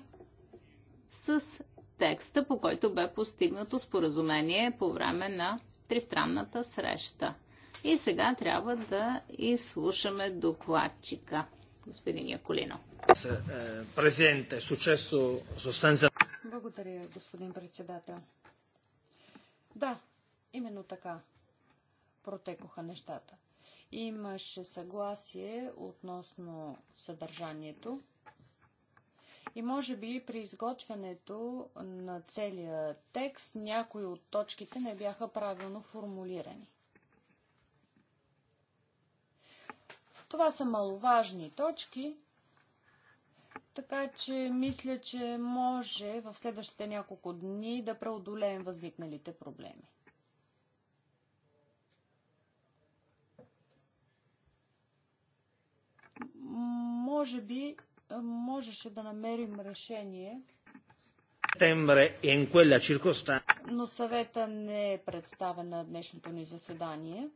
с текста, по който бе постигнато споразумение по време на тристранната среща. И сега трябва да изслушаме докладчика, господин Яколино. Е, е Благодаря, господин председател. Да, именно така протекоха нещата. Имаше съгласие относно съдържанието. И може би при изготвянето на целия текст някои от точките не бяха правилно формулирани. Това са маловажни точки, така че мисля, че може в следващите няколко дни да преодолеем възникналите проблеми. Може би можеше да намерим решение. Е но съвета не е представен на днешното ни заседание.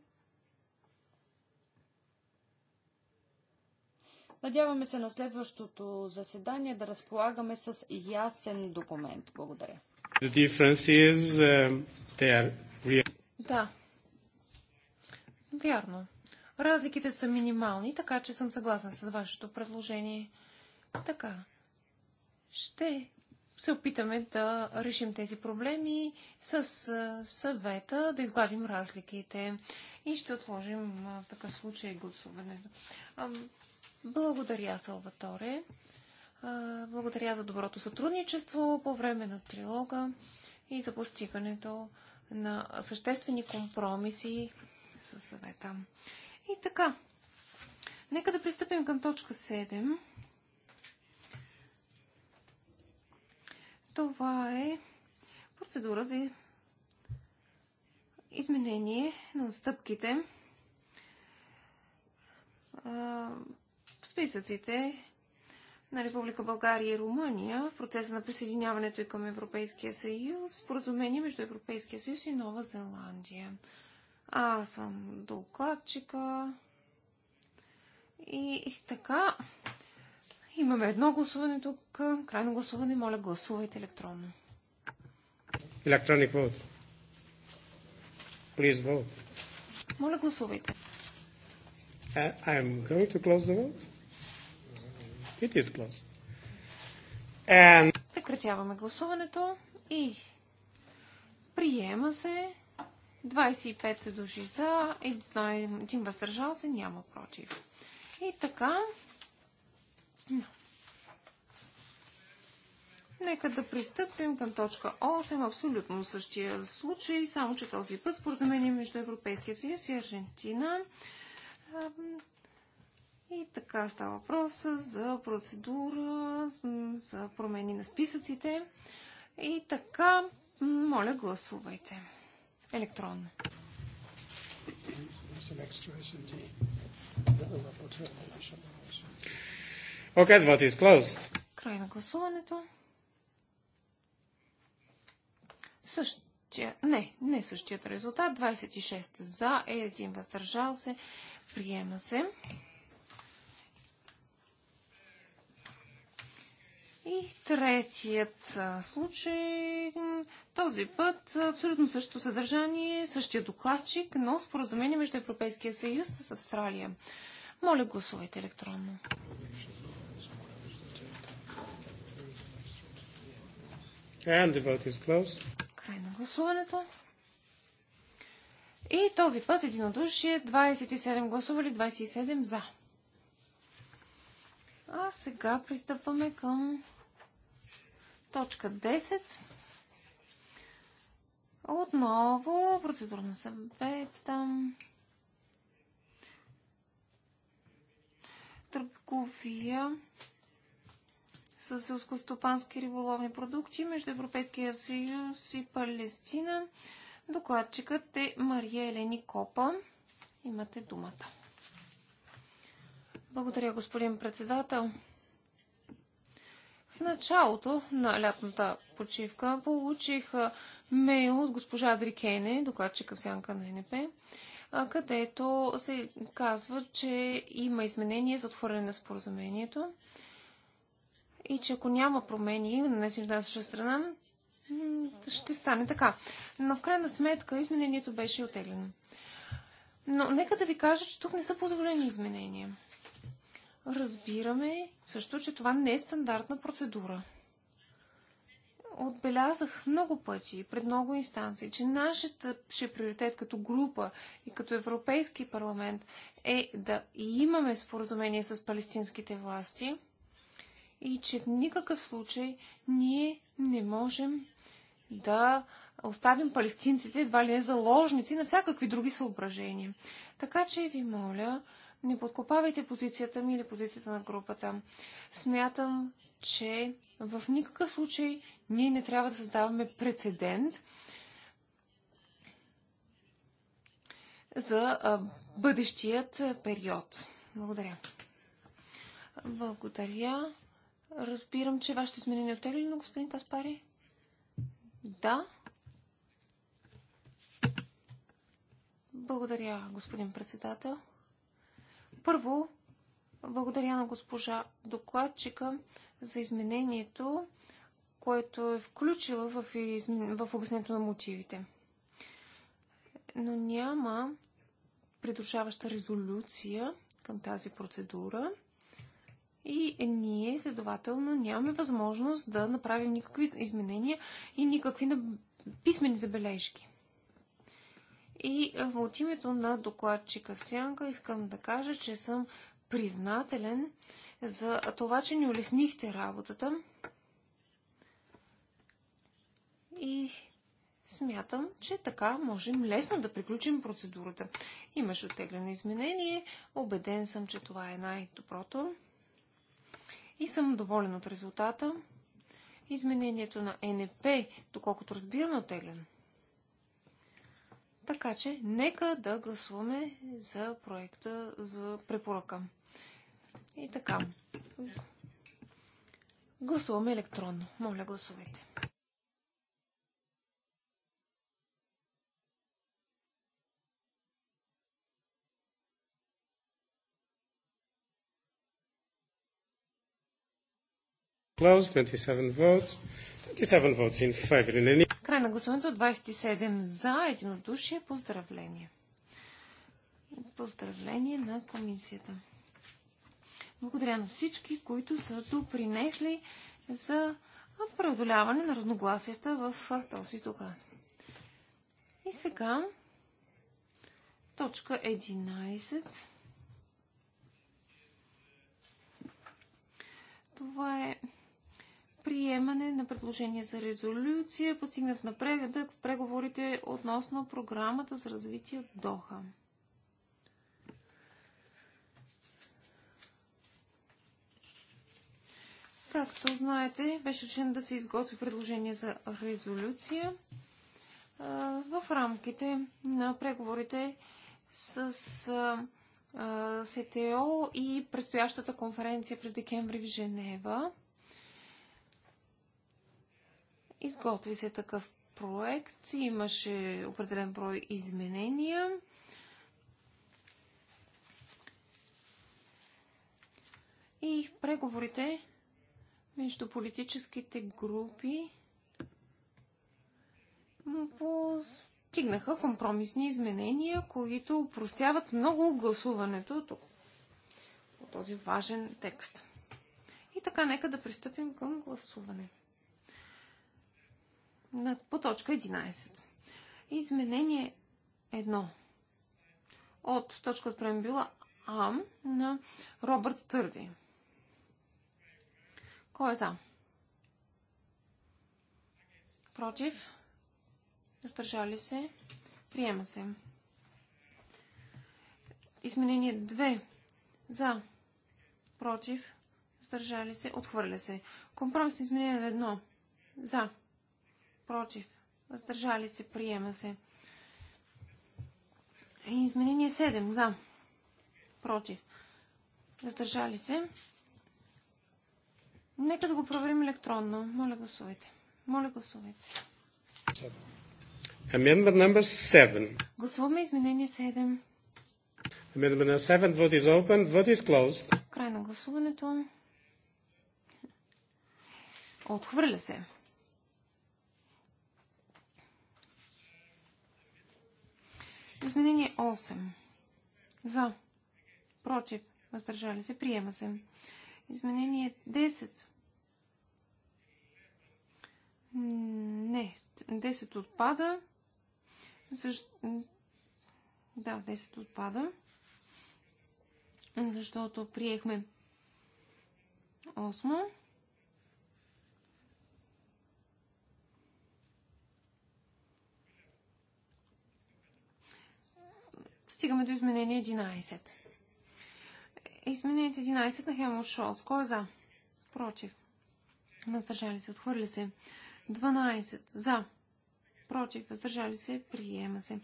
Надяваме се на следващото заседание да разполагаме с ясен документ. Благодаря. Is, uh, are... Да. Вярно разликите са минимални, така че съм съгласен с вашето предложение. Така. Ще се опитаме да решим тези проблеми с съвета, да изгладим разликите и ще отложим в такъв случай гласуването. Благодаря, Салваторе. Благодаря за доброто сътрудничество по време на трилога и за постигането на съществени компромиси със съвета. И така, нека да пристъпим към точка 7. Това е процедура за изменение на отстъпките, списъците на Република България и Румъния в процеса на присъединяването и към Европейския съюз, споразумение между Европейския съюз и Нова Зеландия. Аз съм докладчика. И, и така, имаме едно гласуване тук. Крайно гласуване, моля, гласувайте електронно. Electronic vote. Please vote. Моля, гласувайте. Uh, I'm going to close the vote. It is closed. And... Прекратяваме гласуването и приема се 25 души за, един, един въздържал се, няма против. И така. Нека да пристъпим към точка 8, абсолютно същия случай, само че този път споразумение между Европейския съюз и Аржентина. И така става въпрос за процедура, за промени на списъците. И така, моля, гласувайте електронно. Okay, is closed. Край на гласуването. Същия, не, не същият резултат. 26 за, 1 въздържал се. Приема се. И третият случай, този път абсолютно същото съдържание, същия докладчик, но споразумение между Европейския съюз с Австралия. Моля, гласувайте електронно. And the vote is closed. Край на гласуването. И този път единодушие 27 гласували, 27 за. А сега пристъпваме към Точка 10. Отново процедура на съвета. Търговия с стопански риболовни продукти между Европейския съюз и Палестина. Докладчикът е Мария Елени Копа. Имате думата. Благодаря, господин председател. В началото на лятната почивка получих мейл от госпожа Дрикене, докладчика в сянка на НП, където се казва, че има изменение за отхвърляне на споразумението и че ако няма промени, нанесени от наша страна, ще стане така. Но в крайна сметка изменението беше отеглено. Но нека да ви кажа, че тук не са позволени изменения разбираме също, че това не е стандартна процедура. Отбелязах много пъти пред много инстанции, че нашата ще е приоритет като група и като Европейски парламент е да имаме споразумение с палестинските власти и че в никакъв случай ние не можем да оставим палестинците едва ли не заложници на всякакви други съображения. Така че ви моля не подкопавайте позицията ми или позицията на групата. Смятам, че в никакъв случай ние не трябва да създаваме прецедент за бъдещият период. Благодаря. Благодаря. Разбирам, че вашето изменение е отегли на господин Каспари. Да. Благодаря, господин председател. Първо, благодаря на госпожа докладчика за изменението, което е включила в, измен... в обяснението на мотивите. Но няма придушаваща резолюция към тази процедура и ние, следователно, нямаме възможност да направим никакви изменения и никакви писмени забележки. И от името на докладчика Сянка искам да кажа, че съм признателен за това, че ни улеснихте работата. И смятам, че така можем лесно да приключим процедурата. Имаш оттеглено изменение, убеден съм, че това е най-доброто. И съм доволен от резултата. Изменението на НП, доколкото разбирам, е оттеглено. Така че, нека да гласуваме за проекта за препоръка. И така. Гласуваме електронно. Моля, гласувайте. Close 27 votes. Край на гласуването 27 за, единодушие, поздравление. Поздравление на комисията. Благодаря на всички, които са допринесли за преодоляване на разногласията в този доклад. И сега точка 11. Това е приемане на предложение за резолюция, постигнат напредък в преговорите относно програмата за развитие от Доха. Както знаете, беше решено да се изготви предложение за резолюция а, в рамките на преговорите с а, СТО и предстоящата конференция през декември в Женева. Изготви се такъв проект, имаше определен брой изменения. И преговорите между политическите групи постигнаха компромисни изменения, които упростяват много гласуването тук по този важен текст. И така, нека да пристъпим към гласуване по точка 11. Изменение 1 от точка от преамбюла А на Робърт Стърди. Кой е за? Против? Въздържали се? Приема се. Изменение 2. За. Против. Въздържали се. Отхвърля се. Компромисно изменение 1. За против, въздържали се, приема се. Изменение 7 за, против, въздържали се. Нека да го проверим електронно. Моля, гласувайте. Моля, гласувайте. Amendment number 7. Гласуваме изменение 7. Amendment 7. Vote is open. Vote is closed. Край на гласуването. Отхвърля се. Изменение 8. За. Против. Въздържали се. Приема се. Изменение 10. Не. 10 отпада. Да, 10 отпада. Защото приехме 8. Стигаме до изменение 11. Изменение 11 на Хемо Шолц. Кой е за? Против. Въздържали се. Отхвърли се. 12. За. Против. Въздържали се. Приема се.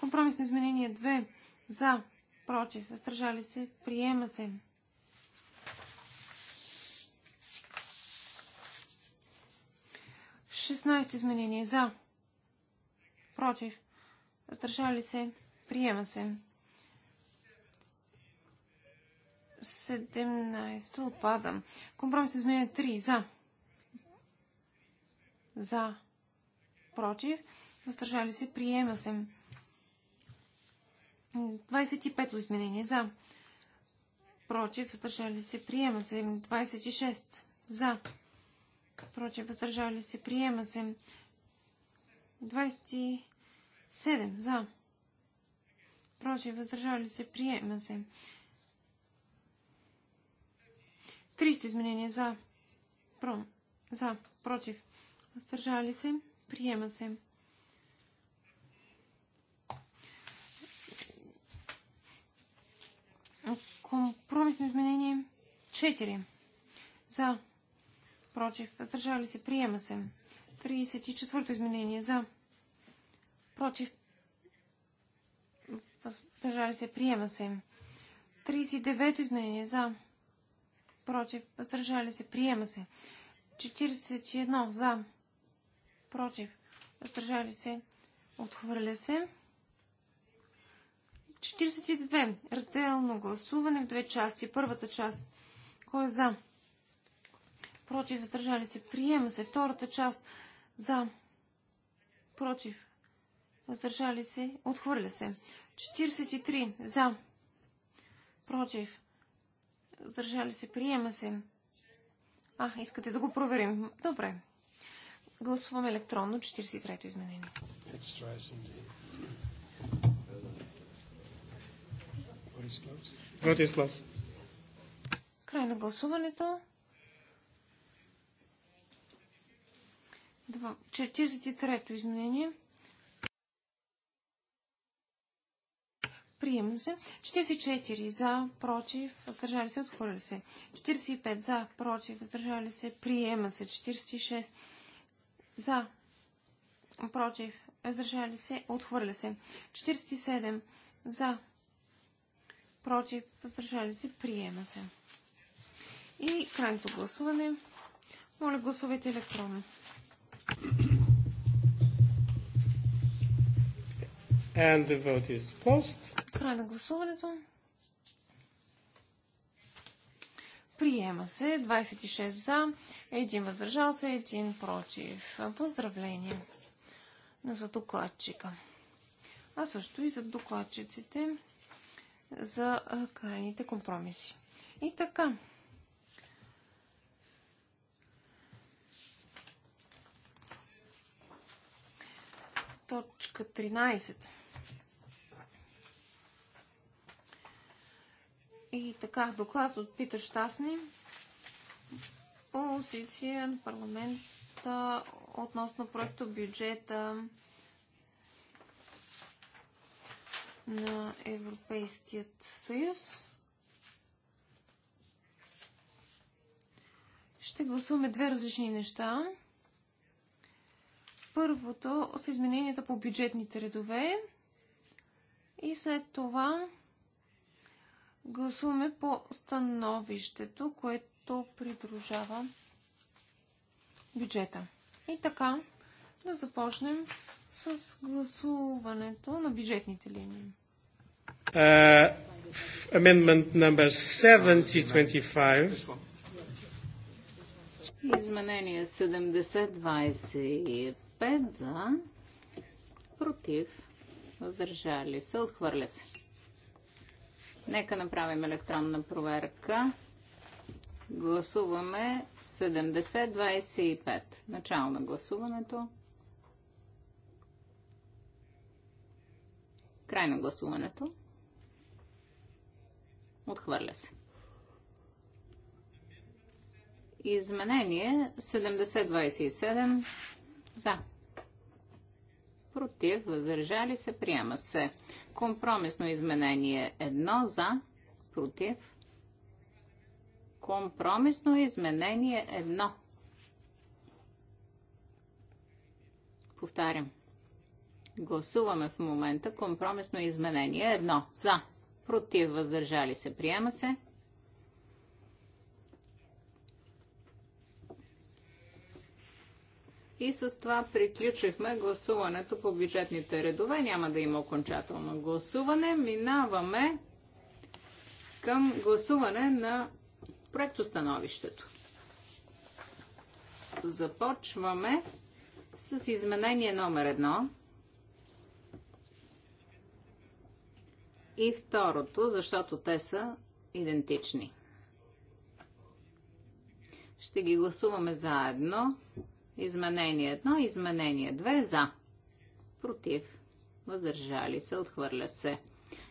Компромисно изменение 2. За. Против. Въздържали се. Приема се. Шестнадесето изменение. За. Против. Въздържали се. Приема се. 17 отпадам. Компромисът изменя 3 за. За. Против. Въздържали се. Приема се. 25 изменение за. Против. Въздържали се. Приема се. 26 за. Против. Въздържали се. Приема се. 27 за против, въздържали се, приема се. 300 изменения за, про, за, против, въздържали се, приема се. Компромисно изменение 4. За. Против. Въздържали се. Приема се. 34 изменение. За. Против въздържали се, приема се. 39 изменение за, против, въздържали се, приема се. 41 за, против, въздържали се, отхвърля се. 42. Разделно гласуване в две части. Първата част. Кой е за? Против, въздържали се, приема се. Втората част. За, против, въздържали се, отхвърля се. 43 за. Против. Сдържали се. Приема се. А, искате да го проверим. Добре. Гласуваме електронно 43-то изменение. Край на гласуването. 43-то изменение. Прием се. 44 за, против, въздържали се, отхвърля се. 45 за, против, въздържали се, приема се. 46 за, против, въздържали се, отхвърля се. 47 за, против, въздържали се, приема се. И крайното гласуване. Моля, гласувайте електронно. And the vote is closed. Край на гласуването. Приема се 26 за, един въздържал се, един против. Поздравления за докладчика. А също и за докладчиците за крайните компромиси. И така. Точка 13. И така, доклад от Питър Щастни. Позиция на парламента относно проекто бюджета на Европейският съюз. Ще гласуваме две различни неща. Първото са измененията по бюджетните редове и след това Гласуваме по становището, което придружава бюджета. И така, да започнем с гласуването на бюджетните линии. Uh, amendment number 7025. Изменение 7025 за, против, въздържали се, отхвърля се. Нека направим електронна проверка. Гласуваме 70-25. Начало на гласуването. Край на гласуването. Отхвърля се. Изменение 70-27. За. Против. Въздържали се. Приема се. Компромисно изменение 1 за, против. Компромисно изменение 1. Повтарям. Гласуваме в момента компромисно изменение 1. За. Против. Въздържали се. Приема се. И с това приключихме гласуването по бюджетните редове. Няма да има окончателно гласуване. Минаваме към гласуване на проектостановището. Започваме с изменение номер едно. и второто, защото те са идентични. Ще ги гласуваме заедно Изменение 1, изменение 2 за. Против. Въздържали се. Отхвърля се.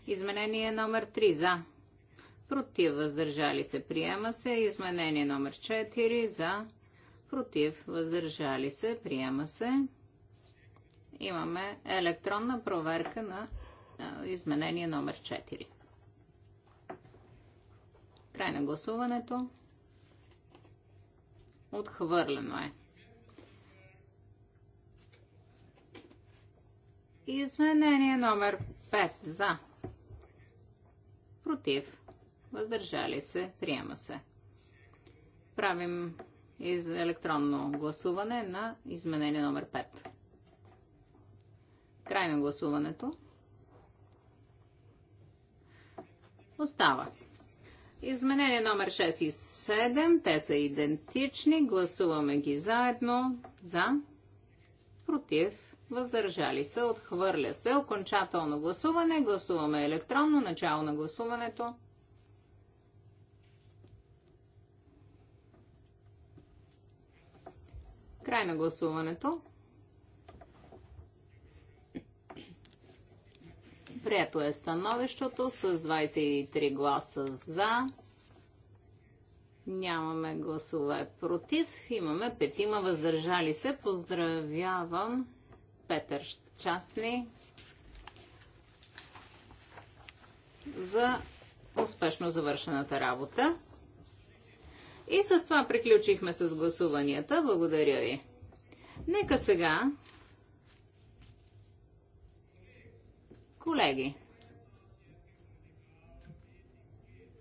Изменение номер 3 за. Против. Въздържали се. Приема се. Изменение номер 4 за. Против. Въздържали се. Приема се. Имаме електронна проверка на изменение номер 4. Край на гласуването. Отхвърлено е. Изменение номер 5 за. Против. Въздържали се. Приема се. Правим из електронно гласуване на изменение номер 5. Край на гласуването. Остава. Изменение номер 6 и 7, те са идентични. Гласуваме ги заедно. За, против, въздържали се, отхвърля се. Окончателно гласуване. Гласуваме електронно. Начало на гласуването. Край на гласуването. Прието е становището с 23 гласа за. Нямаме гласове против. Имаме петима въздържали се. Поздравявам Петър Частни за успешно завършената работа. И с това приключихме с гласуванията. Благодаря ви. Нека сега, колеги,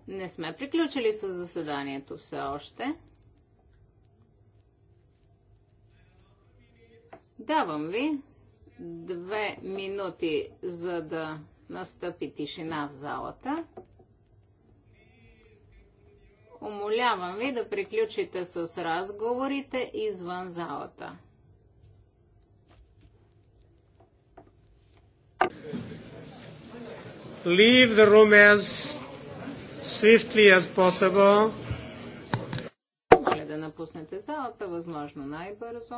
не сме приключили с заседанието все още. Давам ви две минути, за да настъпи тишина в залата. Умолявам ви да приключите с разговорите извън залата. Leave the room as swiftly as possible. Моля да напуснете залата, възможно най-бързо.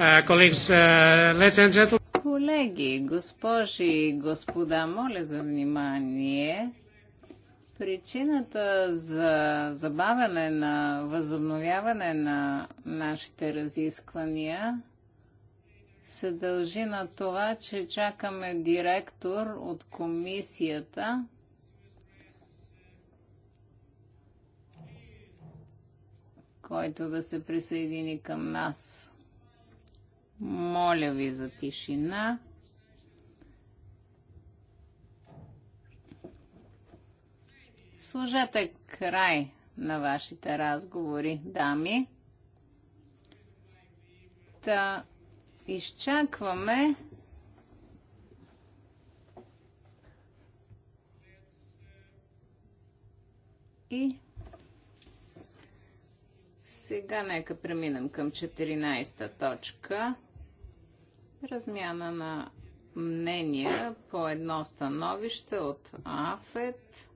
Uh, uh, Колеги, госпожи и господа, моля за внимание. Причината за забавяне на възобновяване на нашите разисквания се дължи на това, че чакаме директор от комисията, който да се присъедини към нас. Моля ви за тишина. Служете край на вашите разговори, дами. Та изчакваме. И сега нека преминем към 14-та точка размяна на мнения по едно становище от АФЕТ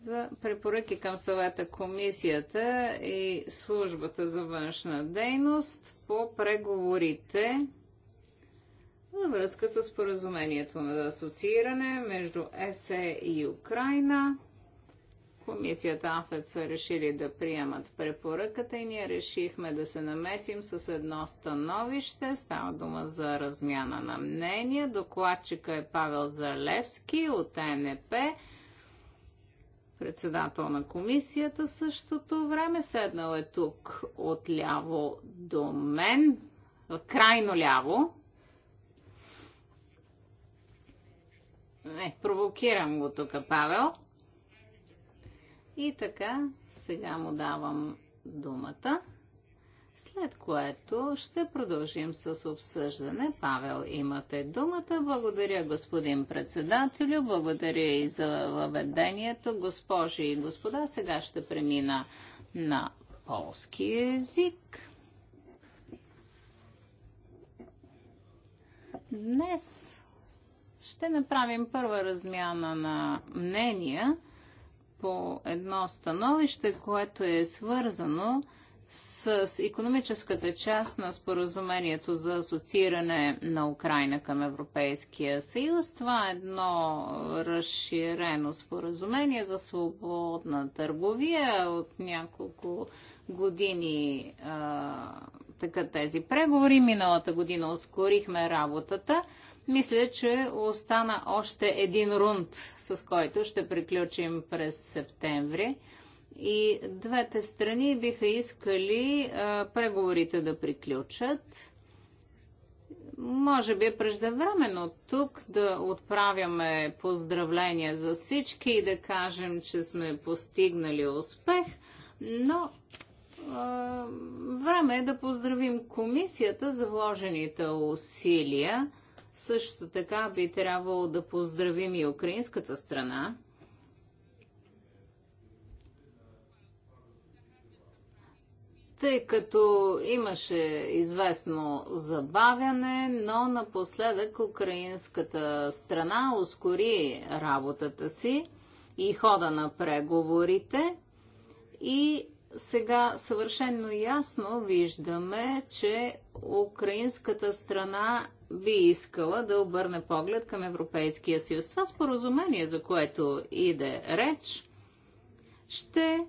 за препоръки към съвета комисията и службата за външна дейност по преговорите във връзка с поразумението на асоцииране между ЕСЕ и Украина – Комисията АФЕД са решили да приемат препоръката и ние решихме да се намесим с едно становище. Става дума за размяна на мнение. Докладчика е Павел Залевски от НП, председател на комисията в същото време. Седнал е тук от ляво до мен, крайно ляво. Не, провокирам го тук, Павел. И така, сега му давам думата, след което ще продължим с обсъждане. Павел, имате думата. Благодаря, господин председателю. Благодаря и за въведението. Госпожи и господа, сега ще премина на полски език. Днес ще направим първа размяна на мнения – по едно становище, което е свързано с економическата част на споразумението за асоцииране на Украина към Европейския съюз. Това е едно разширено споразумение за свободна търговия от няколко години а, така тези преговори. Миналата година ускорихме работата. Мисля, че остана още един рунд, с който ще приключим през септември. И двете страни биха искали а, преговорите да приключат. Може би е преждевременно тук да отправяме поздравления за всички и да кажем, че сме постигнали успех, но а, време е да поздравим комисията за вложените усилия също така би трябвало да поздравим и украинската страна. Тъй като имаше известно забавяне, но напоследък украинската страна ускори работата си и хода на преговорите и сега съвършенно ясно виждаме, че украинската страна би искала да обърне поглед към Европейския съюз. Това споразумение, за което иде реч, ще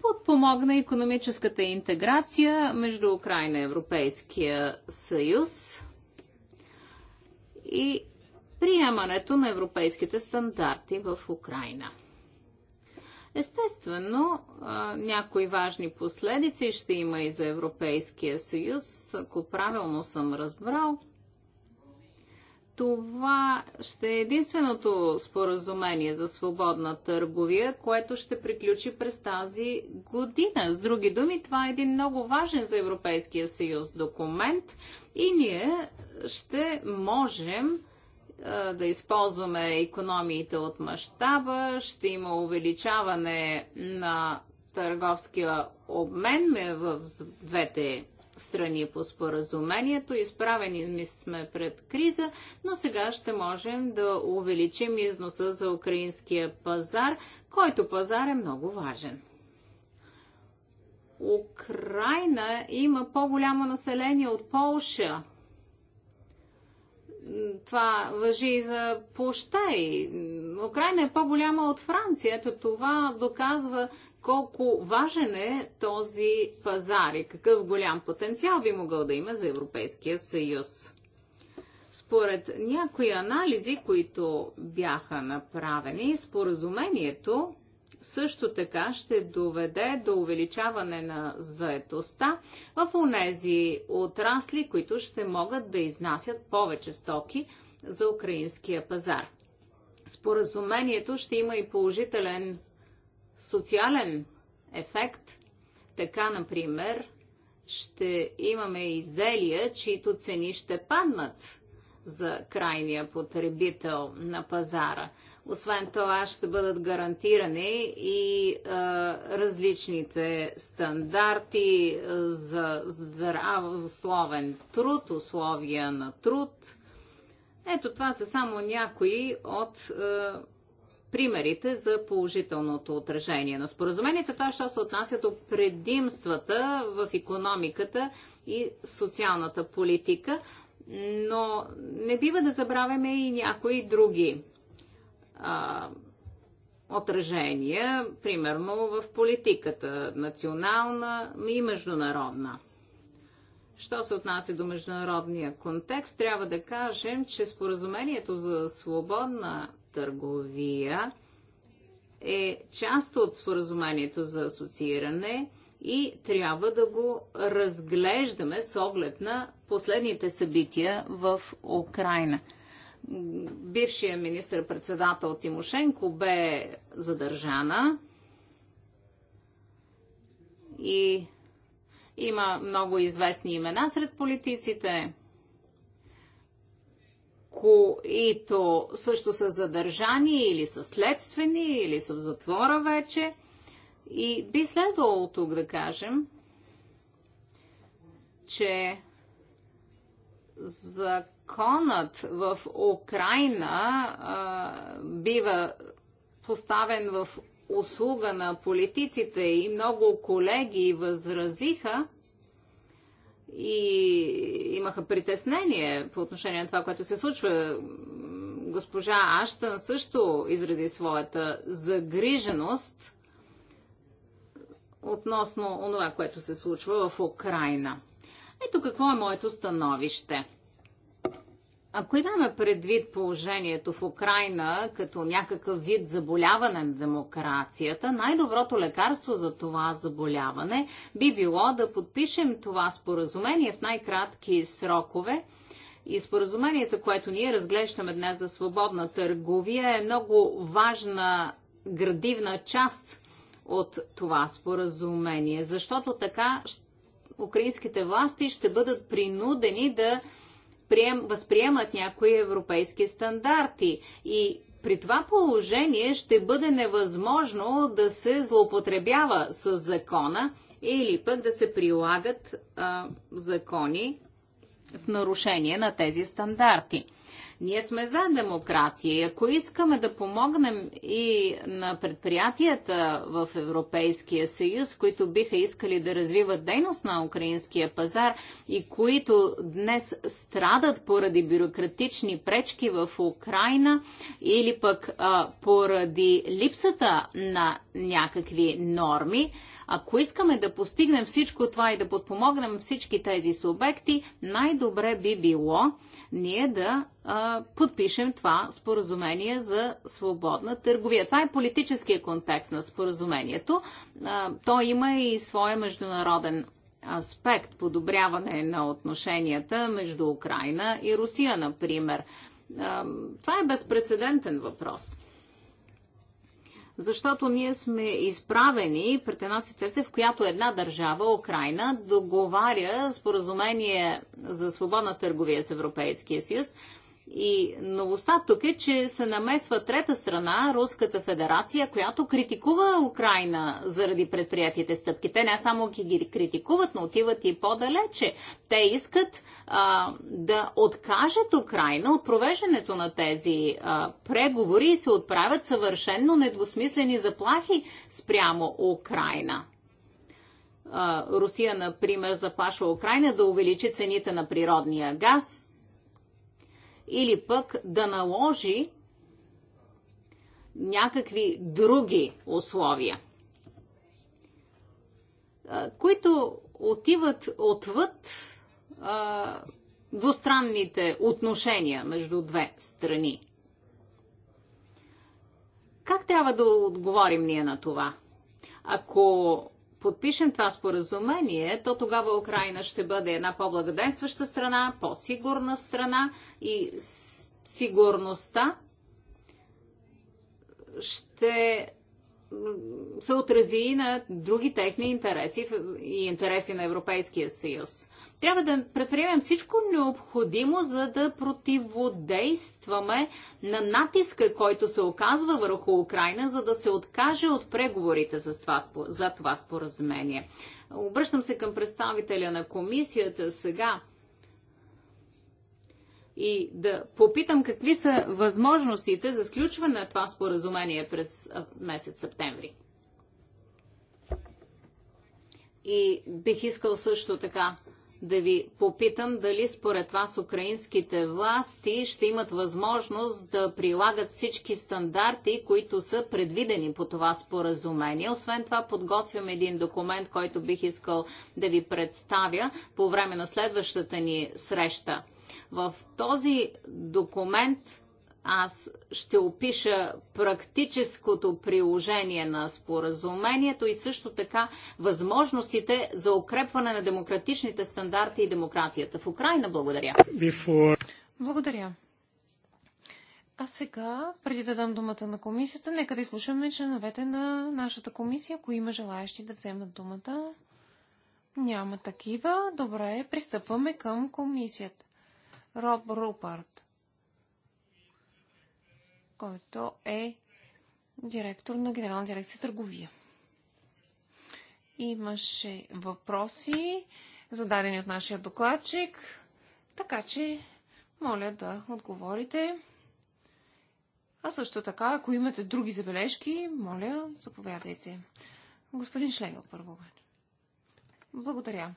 подпомогне економическата интеграция между Украина и Европейския съюз и приемането на европейските стандарти в Украина. Естествено, някои важни последици ще има и за Европейския съюз, ако правилно съм разбрал. Това ще е единственото споразумение за свободна търговия, което ще приключи през тази година. С други думи, това е един много важен за Европейския съюз документ и ние ще можем да използваме економиите от мащаба, ще има увеличаване на търговския обмен в двете страни по споразумението. Изправени сме пред криза, но сега ще можем да увеличим износа за украинския пазар, който пазар е много важен. Украина има по-голямо население от Полша това въжи и за площа и Украина е по-голяма от Франция. Ето това доказва колко важен е този пазар и какъв голям потенциал би могъл да има за Европейския съюз. Според някои анализи, които бяха направени, споразумението също така ще доведе до увеличаване на заетостта в онези отрасли, които ще могат да изнасят повече стоки за украинския пазар. Споразумението ще има и положителен социален ефект. Така, например, ще имаме изделия, чието цени ще паднат за крайния потребител на пазара. Освен това ще бъдат гарантирани и а, различните стандарти за здравословен труд, условия на труд. Ето това са само някои от а, примерите за положителното отражение на споразумението, това ще се отнася до предимствата в економиката и социалната политика, но не бива да забравяме и някои други а, отражения, примерно в политиката национална и международна. Що се отнася до международния контекст, трябва да кажем, че споразумението за свободна търговия е част от споразумението за асоцииране и трябва да го разглеждаме с оглед на последните събития в Украина – бившия министр-председател Тимошенко бе задържана и има много известни имена сред политиците, които също са задържани или са следствени, или са в затвора вече. И би следвало тук да кажем, че за законът в Украина а, бива поставен в услуга на политиците и много колеги възразиха и имаха притеснение по отношение на това, което се случва. Госпожа Аштън също изрази своята загриженост относно това, което се случва в Украина. Ето какво е моето становище – ако имаме предвид положението в Украина като някакъв вид заболяване на демокрацията, най-доброто лекарство за това заболяване би било да подпишем това споразумение в най-кратки срокове. И споразумението, което ние разглеждаме днес за свободна търговия, е много важна градивна част от това споразумение, защото така украинските власти ще бъдат принудени да прием, възприемат някои европейски стандарти и при това положение ще бъде невъзможно да се злоупотребява с закона или пък да се прилагат а, закони в нарушение на тези стандарти. Ние сме за демокрация и ако искаме да помогнем и на предприятията в Европейския съюз, които биха искали да развиват дейност на украинския пазар и които днес страдат поради бюрократични пречки в Украина или пък а, поради липсата на някакви норми, ако искаме да постигнем всичко това и да подпомогнем всички тези субекти, най-добре би било ние да а, подпишем това споразумение за свободна търговия. Това е политическия контекст на споразумението. А, то има и своя международен аспект подобряване на отношенията между Украина и Русия, например. Това е безпредседентен въпрос защото ние сме изправени пред една ситуация, в която една държава, Украина, договаря споразумение за свободна търговия с Европейския съюз, и новостта тук е, че се намесва трета страна, Руската федерация, която критикува Украина заради предприятите стъпки. Те не само ги критикуват, но отиват и по-далече. Те искат а, да откажат Украина от провеждането на тези а, преговори и се отправят съвършенно недвусмислени заплахи спрямо Украина. Русия, например, заплашва Украина да увеличи цените на природния газ, или пък да наложи някакви други условия, които отиват отвъд двустранните отношения между две страни. Как трябва да отговорим ние на това? Ако подпишем това споразумение, то тогава Украина ще бъде една по-благоденстваща страна, по-сигурна страна и сигурността ще се отрази и на други техни интереси и интереси на Европейския съюз. Трябва да предприемем всичко необходимо, за да противодействаме на натиска, който се оказва върху Украина, за да се откаже от преговорите за това, за това споразумение. Обръщам се към представителя на комисията сега и да попитам какви са възможностите за сключване на това споразумение през месец септември. И бих искал също така да ви попитам дали според вас украинските власти ще имат възможност да прилагат всички стандарти, които са предвидени по това споразумение. Освен това, подготвям един документ, който бих искал да ви представя по време на следващата ни среща. В този документ аз ще опиша практическото приложение на споразумението и също така възможностите за укрепване на демократичните стандарти и демокрацията. В Украина благодаря. Before... Благодаря. А сега, преди да дам думата на комисията, нека да изслушаме членовете на нашата комисия, ако има желаящи да вземат думата. Няма такива. Добре, пристъпваме към комисията. Роб Рупарт който е директор на Генерална дирекция търговия. Имаше въпроси, зададени от нашия докладчик, така че моля да отговорите. А също така, ако имате други забележки, моля, заповядайте. Господин Шлегел, първо. Благодаря.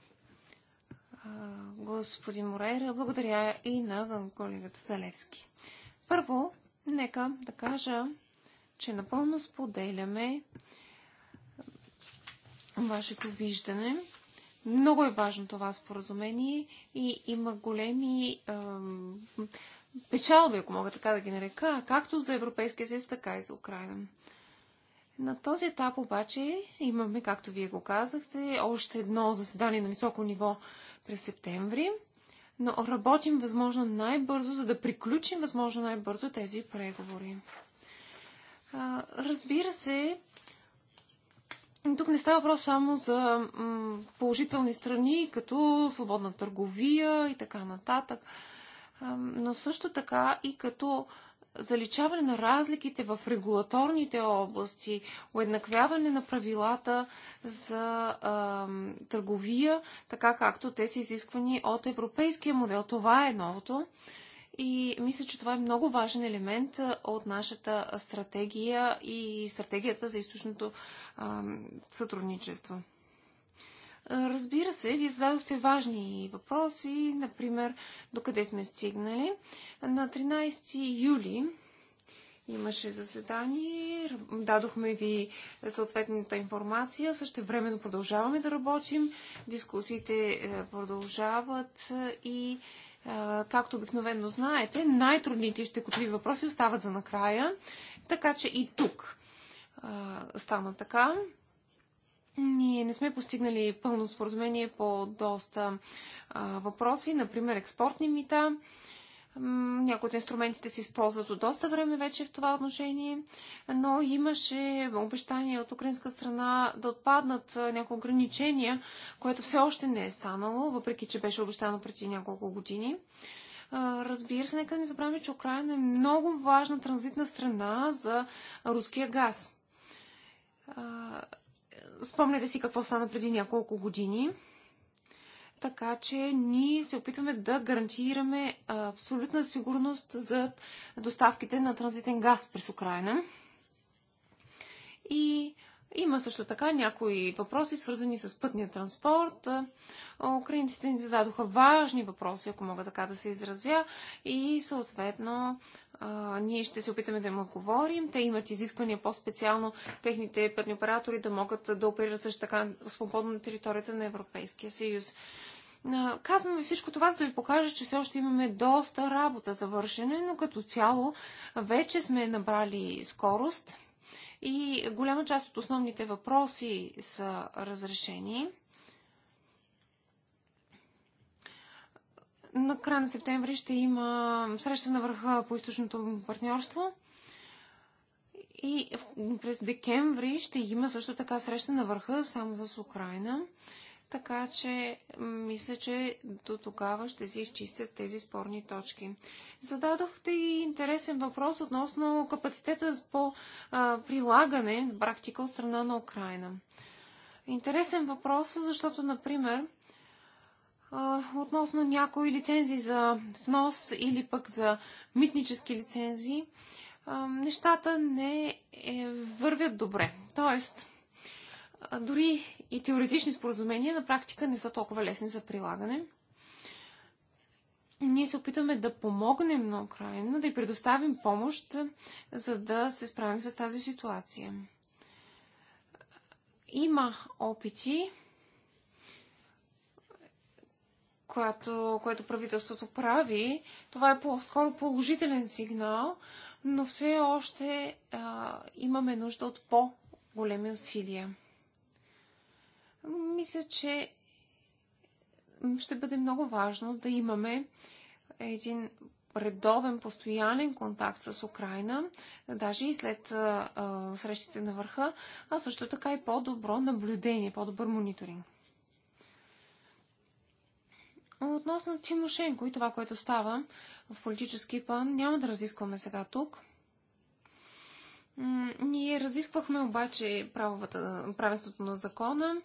Господин Морейра, благодаря и на колегата Залевски. Първо, Нека да кажа, че напълно споделяме вашето виждане. Много е важно това споразумение и има големи печалби, ако мога така да ги нарека, както за Европейския съюз, така и за Украина. На този етап обаче имаме, както вие го казахте, още едно заседание на високо ниво през септември но работим възможно най-бързо, за да приключим възможно най-бързо тези преговори. разбира се, тук не става въпрос само за положителни страни, като свободна търговия и така нататък, но също така и като заличаване на разликите в регулаторните области, уеднаквяване на правилата за а, търговия, така както те са изисквани от европейския модел. Това е новото. И мисля, че това е много важен елемент от нашата стратегия и стратегията за източното а, сътрудничество. Разбира се, вие зададохте важни въпроси, например, докъде сме стигнали. На 13 юли имаше заседание, дадохме ви съответната информация, също времено продължаваме да работим, дискусиите е, продължават и е, както обикновено знаете, най-трудните щекотливи въпроси остават за накрая, така че и тук е, стана така. Ние не сме постигнали пълно споразумение по доста а, въпроси, например експортни мита. Някои от инструментите се използват от доста време вече в това отношение, но имаше обещания от украинска страна да отпаднат някои ограничения, което все още не е станало, въпреки че беше обещано преди няколко години. Разбира се, нека не забравяме, че Украина е много важна транзитна страна за руския газ. Спомняте си какво стана преди няколко години. Така че ние се опитваме да гарантираме абсолютна сигурност за доставките на транзитен газ през Украина. И има също така някои въпроси, свързани с пътния транспорт. Украинците ни зададоха важни въпроси, ако мога така да се изразя, и съответно ние ще се опитаме да им отговорим. Те имат изисквания по-специално техните пътни оператори да могат да оперират също така свободно на територията на Европейския съюз. Казваме всичко това, за да ви покажа, че все още имаме доста работа за вършене, но като цяло вече сме набрали скорост и голяма част от основните въпроси са разрешени. На края на септември ще има среща на върха по източното партньорство. И през декември ще има също така среща на върха само с Украина. Така че мисля, че до тогава ще се изчистят тези спорни точки. Зададохте и интересен въпрос относно капацитета по а, прилагане на практика от страна на Украина. Интересен въпрос, защото, например, а, относно някои лицензии за внос или пък за митнически лицензии, а, нещата не е, вървят добре. Тоест, дори и теоретични споразумения на практика не са толкова лесни за прилагане. Ние се опитваме да помогнем на Украина, да й предоставим помощ, за да се справим с тази ситуация. Има опити, което, което правителството прави. Това е по-скоро положителен сигнал, но все още а, имаме нужда от по-големи усилия мисля, че ще бъде много важно да имаме един редовен, постоянен контакт с Украина, даже и след а, срещите на върха, а също така и по-добро наблюдение, по-добър мониторинг. Относно Тимошенко и това, което става в политически план, няма да разискваме сега тук – ние разисквахме обаче правовата, правенството на закона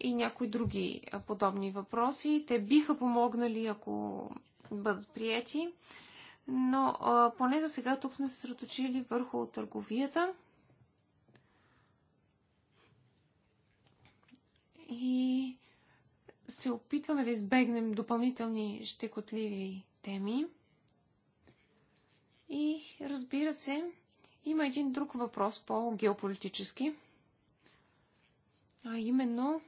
и някои други подобни въпроси. Те биха помогнали, ако бъдат прияти. Но а, поне за сега тук сме се средочили върху търговията. И се опитваме да избегнем допълнителни щекотливи теми. И разбира се, има един друг въпрос по-геополитически, а именно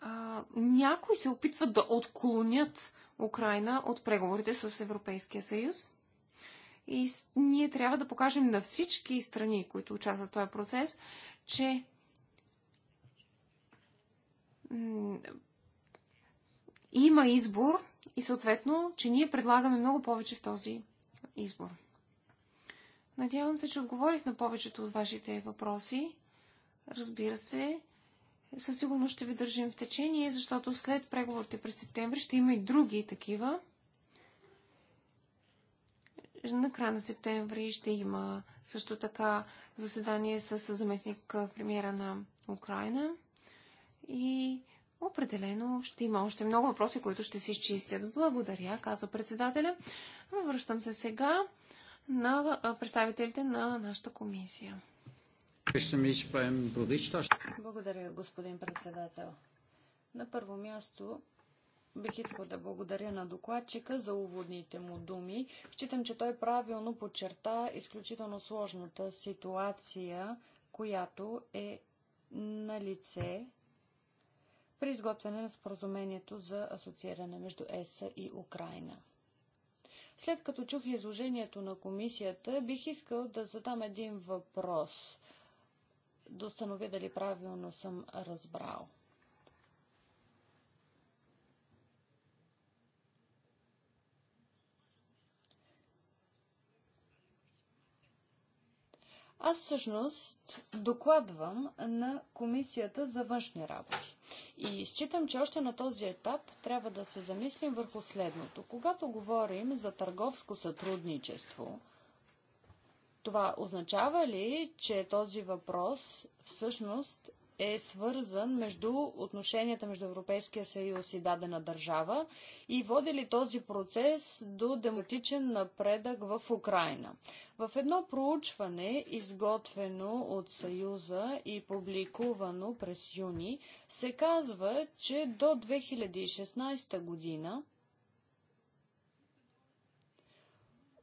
а, някои се опитват да отклонят Украина от преговорите с Европейския съюз. И ние трябва да покажем на всички страни, които участват в този процес, че има избор и съответно, че ние предлагаме много повече в този избор. Надявам се, че отговорих на повечето от вашите въпроси. Разбира се, със сигурност ще ви държим в течение, защото след преговорите през септември ще има и други такива. На края на септември ще има също така заседание с заместник премиера на Украина. И Определено ще има още много въпроси, които ще се изчистят. Благодаря, каза председателя. Връщам се сега на представителите на нашата комисия. Благодаря, господин председател. На първо място бих искал да благодаря на докладчика за уводните му думи. Считам, че той правилно подчерта изключително сложната ситуация, която е на лице при изготвяне на споразумението за асоцииране между ЕС и Украина. След като чух изложението на комисията, бих искал да задам един въпрос. Да установя дали правилно съм разбрал. Аз всъщност докладвам на Комисията за външни работи. И считам, че още на този етап трябва да се замислим върху следното. Когато говорим за търговско сътрудничество, това означава ли, че този въпрос всъщност е свързан между отношенията между Европейския съюз и дадена държава и води ли този процес до демократичен напредък в Украина. В едно проучване, изготвено от Съюза и публикувано през юни, се казва, че до 2016 година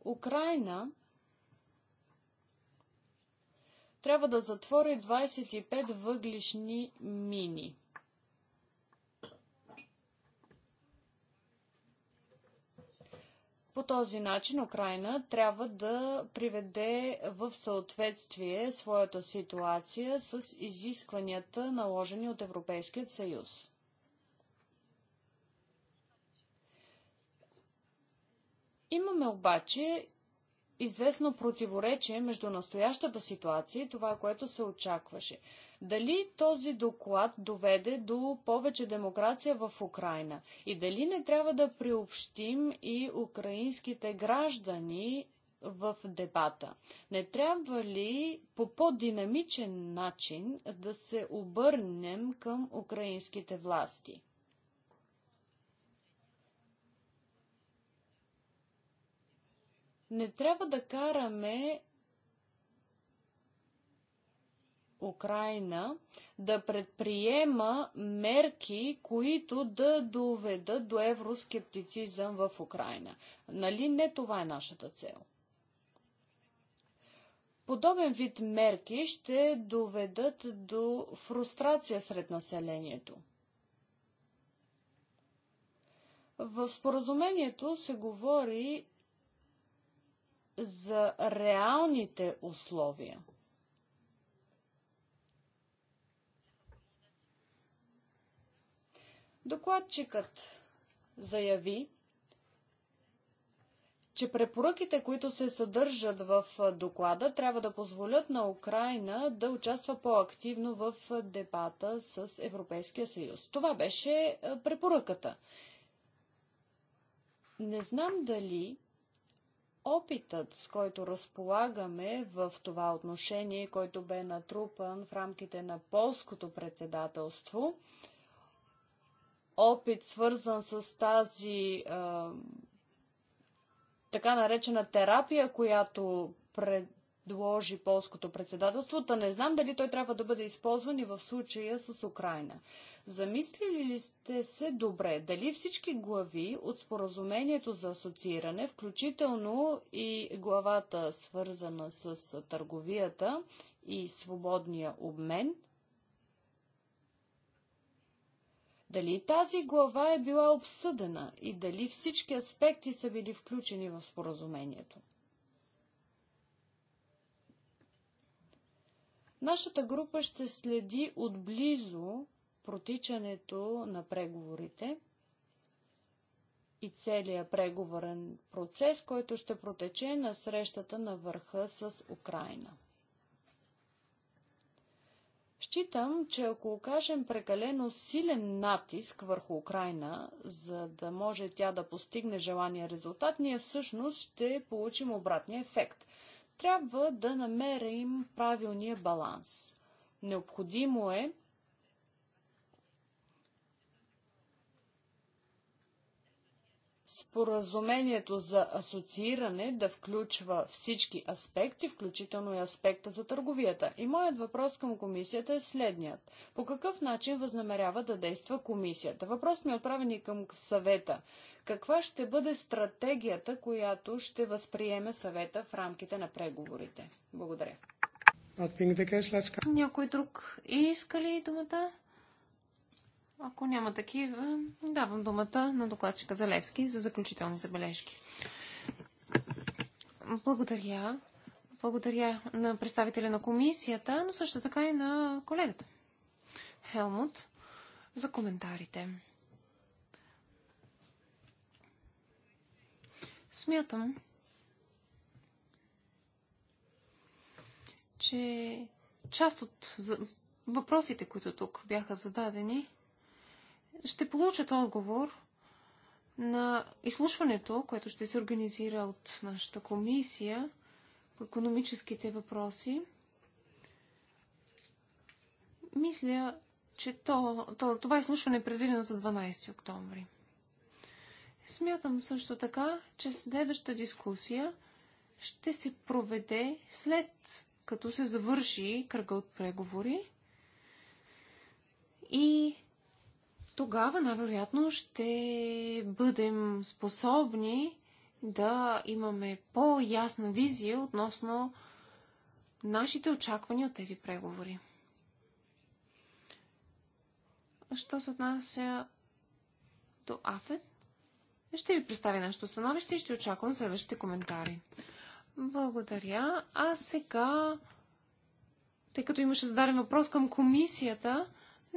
Украина трябва да затвори 25 въглишни мини. По този начин Украина трябва да приведе в съответствие своята ситуация с изискванията, наложени от Европейският съюз. Имаме обаче известно противоречие между настоящата ситуация и това, което се очакваше. Дали този доклад доведе до повече демокрация в Украина и дали не трябва да приобщим и украинските граждани в дебата. Не трябва ли по по-динамичен начин да се обърнем към украинските власти? Не трябва да караме Украина да предприема мерки, които да доведат до евроскептицизъм в Украина. Нали не това е нашата цел? Подобен вид мерки ще доведат до фрустрация сред населението. В споразумението се говори за реалните условия. Докладчикът заяви, че препоръките, които се съдържат в доклада, трябва да позволят на Украина да участва по-активно в дебата с Европейския съюз. Това беше препоръката. Не знам дали Опитът, с който разполагаме в това отношение, който бе натрупан в рамките на полското председателство, опит свързан с тази а, така наречена терапия, която пред, предложи полското председателство. Та не знам дали той трябва да бъде използван и в случая с Украина. Замислили ли сте се добре дали всички глави от споразумението за асоцииране, включително и главата свързана с търговията и свободния обмен, Дали тази глава е била обсъдена и дали всички аспекти са били включени в споразумението? Нашата група ще следи отблизо протичането на преговорите и целият преговорен процес, който ще протече на срещата на върха с Украина. Считам, че ако окажем прекалено силен натиск върху Украина, за да може тя да постигне желания резултат, ние всъщност ще получим обратния ефект – трябва да намерим правилния баланс. Необходимо е споразумението за асоцииране да включва всички аспекти, включително и аспекта за търговията. И моят въпрос към комисията е следният. По какъв начин възнамерява да действа комисията? Въпрос ми е отправен и към съвета. Каква ще бъде стратегията, която ще възприеме съвета в рамките на преговорите? Благодаря. Някой друг иска ли думата? Ако няма такива, давам думата на докладчика Залевски за заключителни забележки. Благодаря. Благодаря на представителя на комисията, но също така и на колегата Хелмут за коментарите. Смятам, че част от въпросите, които тук бяха зададени, ще получат отговор на изслушването, което ще се организира от нашата комисия по економическите въпроси. Мисля, че то, то, това изслушване е предвидено за 12 октомври. Смятам също така, че следващата дискусия ще се проведе след като се завърши кръга от преговори и тогава най-вероятно ще бъдем способни да имаме по-ясна визия относно нашите очаквания от тези преговори. Що се отнася до Афет? ще ви представя нашето становище и ще очаквам следващите коментари. Благодаря. А сега, тъй като имаше зададен въпрос към комисията,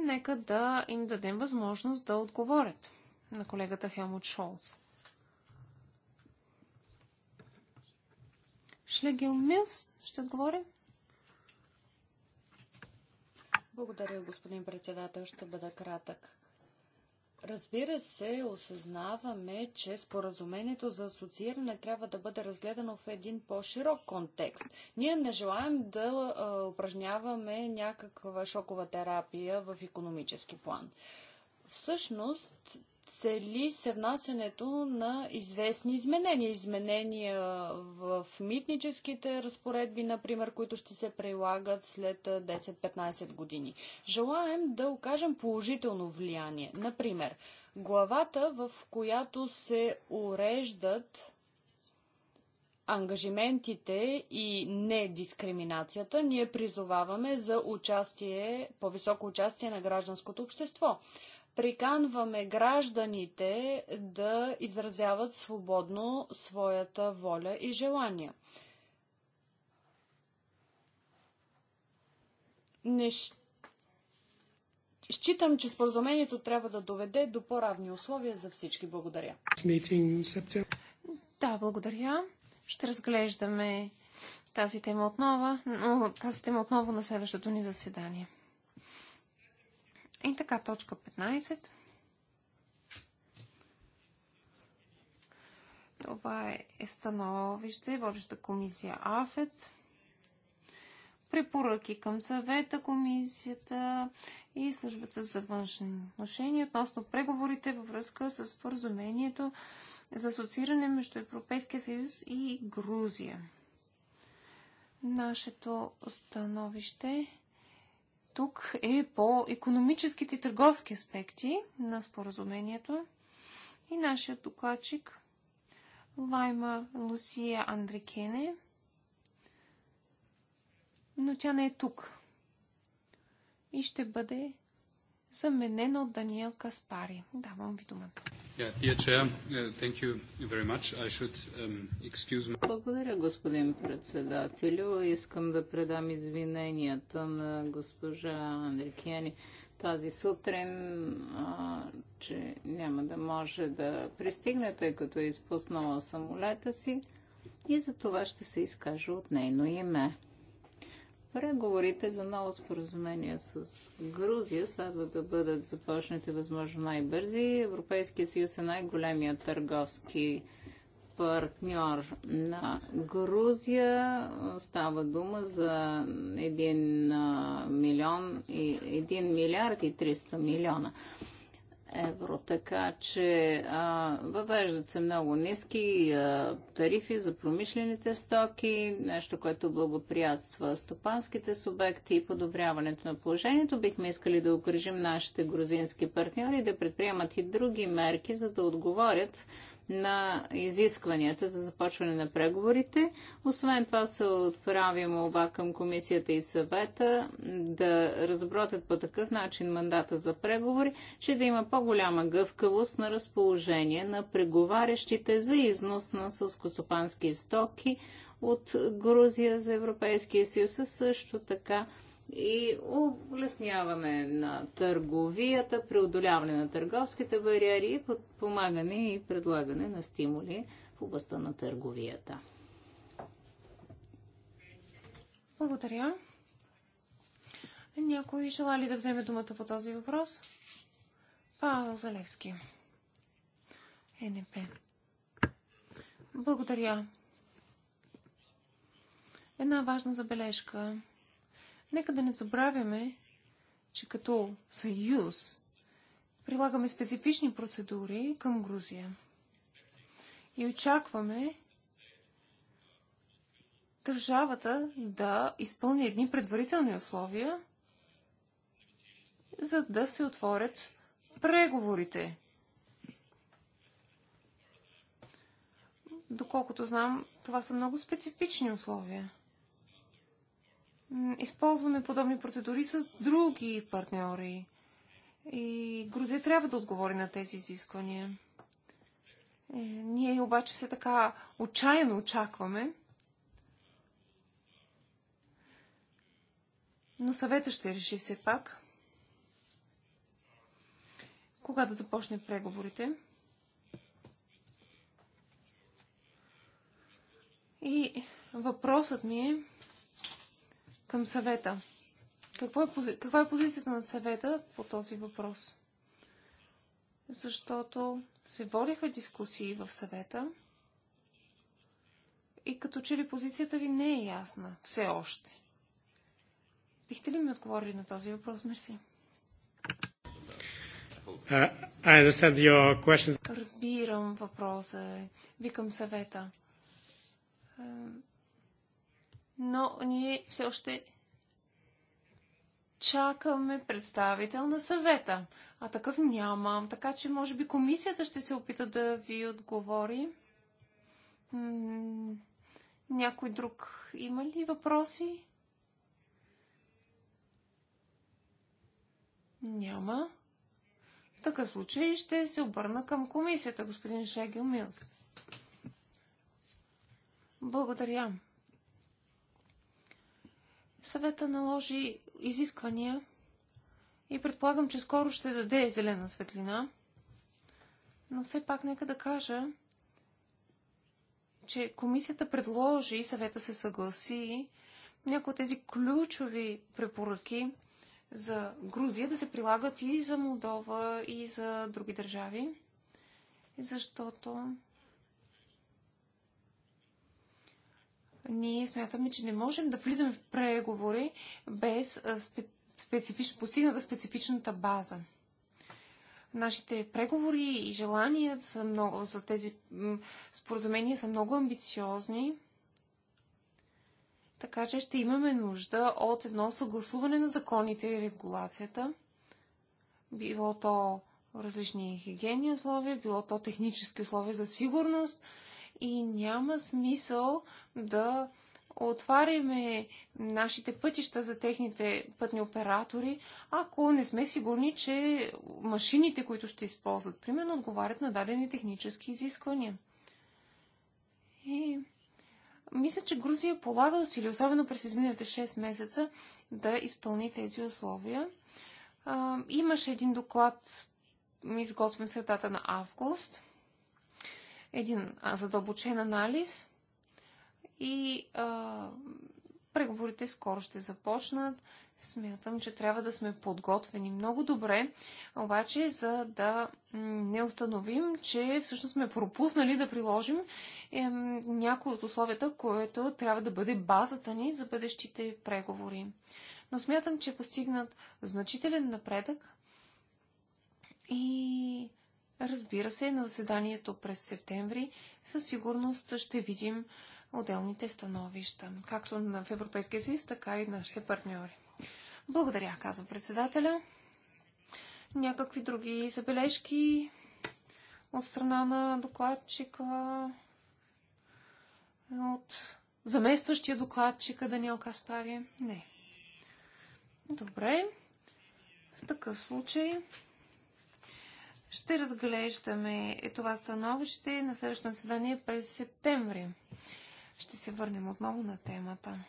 нека да им дадем възможност да отговорят на колегата Хелмут Шолц. Шлегил Милс ще отговори. Благодаря, господин председател. Ще бъда кратък. Разбира се, осъзнаваме, че споразумението за асоцииране трябва да бъде разгледано в един по-широк контекст. Ние не желаем да а, упражняваме някаква шокова терапия в економически план. Всъщност, цели се внасянето на известни изменения. Изменения в митническите разпоредби, например, които ще се прилагат след 10-15 години. Желаем да окажем положително влияние. Например, главата, в която се уреждат ангажиментите и недискриминацията, ние призоваваме за участие, по-високо участие на гражданското общество приканваме гражданите да изразяват свободно своята воля и желания. Не ш... Считам, че споразумението трябва да доведе до по-равни условия за всички. Благодаря. Да, благодаря. Ще разглеждаме тази тема отново, тази тема отново на следващото ни заседание. И така, точка 15. Това е становище, водеща комисия АФЕТ. Препоръки към съвета, комисията и службата за външни отношения относно преговорите във връзка с споразумението за асоцииране между Европейския съюз и Грузия. Нашето становище тук е по економическите и търговски аспекти на споразумението. И нашият докладчик Лайма Лусия Андрикене, но тя не е тук и ще бъде заменена от Даниел Каспари. Давам ви думата. Uh, um, Благодаря, господин председателю. Искам да предам извиненията на госпожа Андрикияни тази сутрин, а, че няма да може да пристигне, тъй като е изпуснала самолета си и за това ще се изкажа от нейно име. Преговорите за ново споразумение с Грузия следва да бъдат започнати възможно най-бързи. Европейския съюз е най-големият търговски партньор на Грузия. Става дума за 1 милион и 1 милиард и 300 милиона евро. Така че а, въвеждат се много ниски а, тарифи за промишлените стоки, нещо, което благоприятства стопанските субекти и подобряването на положението. Бихме искали да окръжим нашите грузински партньори да предприемат и други мерки, за да отговорят на изискванията за започване на преговорите. Освен това се отправи молба към комисията и съвета да разбротят по такъв начин мандата за преговори, че да има по-голяма гъвкавост на разположение на преговарящите за износ на сълскостопански стоки от Грузия за Европейския съюз, а също така и облесняване на търговията, преодоляване на търговските бариери и подпомагане и предлагане на стимули в областта на търговията. Благодаря. Някой желали ли да вземе думата по този въпрос? Павел Залевски. Е НП. Благодаря. Една важна забележка. Нека да не забравяме, че като съюз прилагаме специфични процедури към Грузия и очакваме държавата да изпълни едни предварителни условия, за да се отворят преговорите. Доколкото знам, това са много специфични условия използваме подобни процедури с други партньори. И Грузия трябва да отговори на тези изисквания. Е, ние обаче все така отчаяно очакваме. Но съвета ще реши все пак. Кога да започне преговорите? И въпросът ми е, към съвета. Какво е, каква е позицията на съвета по този въпрос? Защото се водиха дискусии в съвета и като че ли позицията ви не е ясна все още. Бихте ли ми отговорили на този въпрос? Мерси. Uh, Разбирам въпроса. Викам съвета. Uh, но ние все още чакаме представител на съвета. А такъв нямам, така че може би комисията ще се опита да ви отговори. М някой друг има ли въпроси? Няма. В такъв случай ще се обърна към комисията, господин Шегил Милс. Благодаря съвета наложи изисквания и предполагам, че скоро ще даде зелена светлина. Но все пак нека да кажа, че комисията предложи, и съвета се съгласи, някои от тези ключови препоръки за Грузия да се прилагат и за Молдова, и за други държави. Защото ние смятаме, че не можем да влизаме в преговори без специфич, постигната специфичната база. Нашите преговори и желания са много, за тези споразумения са много амбициозни, така че ще имаме нужда от едно съгласуване на законите и регулацията, било то различни хигиени условия, било то технически условия за сигурност и няма смисъл да отваряме нашите пътища за техните пътни оператори, ако не сме сигурни, че машините, които ще използват, примерно, отговарят на дадени технически изисквания. И мисля, че Грузия полага сили, особено през изминалите 6 месеца, да изпълни тези условия. А, имаше един доклад, изготвен средата на август, един задълбочен анализ – и а, преговорите скоро ще започнат. Смятам, че трябва да сме подготвени много добре, обаче за да не установим, че всъщност сме пропуснали да приложим е, някои от условията, което трябва да бъде базата ни за бъдещите преговори. Но смятам, че е постигнат значителен напредък и разбира се, на заседанието през септември със сигурност ще видим отделните становища, както в Европейския съюз, така и нашите партньори. Благодаря, казва председателя. Някакви други забележки от страна на докладчика, от заместващия докладчика Даниел Каспари? Не. Добре. В такъв случай ще разглеждаме това становище на следващото заседание през септември. Ще се върнем отново на темата.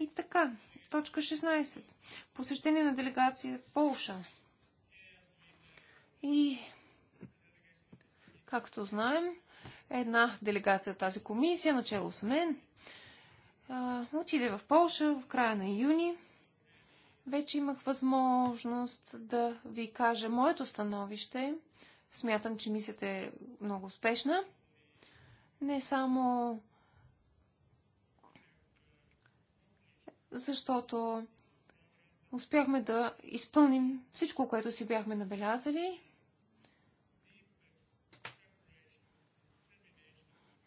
И така, точка 16. Посещение на делегация в Полша. И, както знаем, една делегация от тази комисия, начало с мен, отиде в Полша в края на юни. Вече имах възможност да ви кажа моето становище. Смятам, че мисията е много успешна – не само защото успяхме да изпълним всичко, което си бяхме набелязали,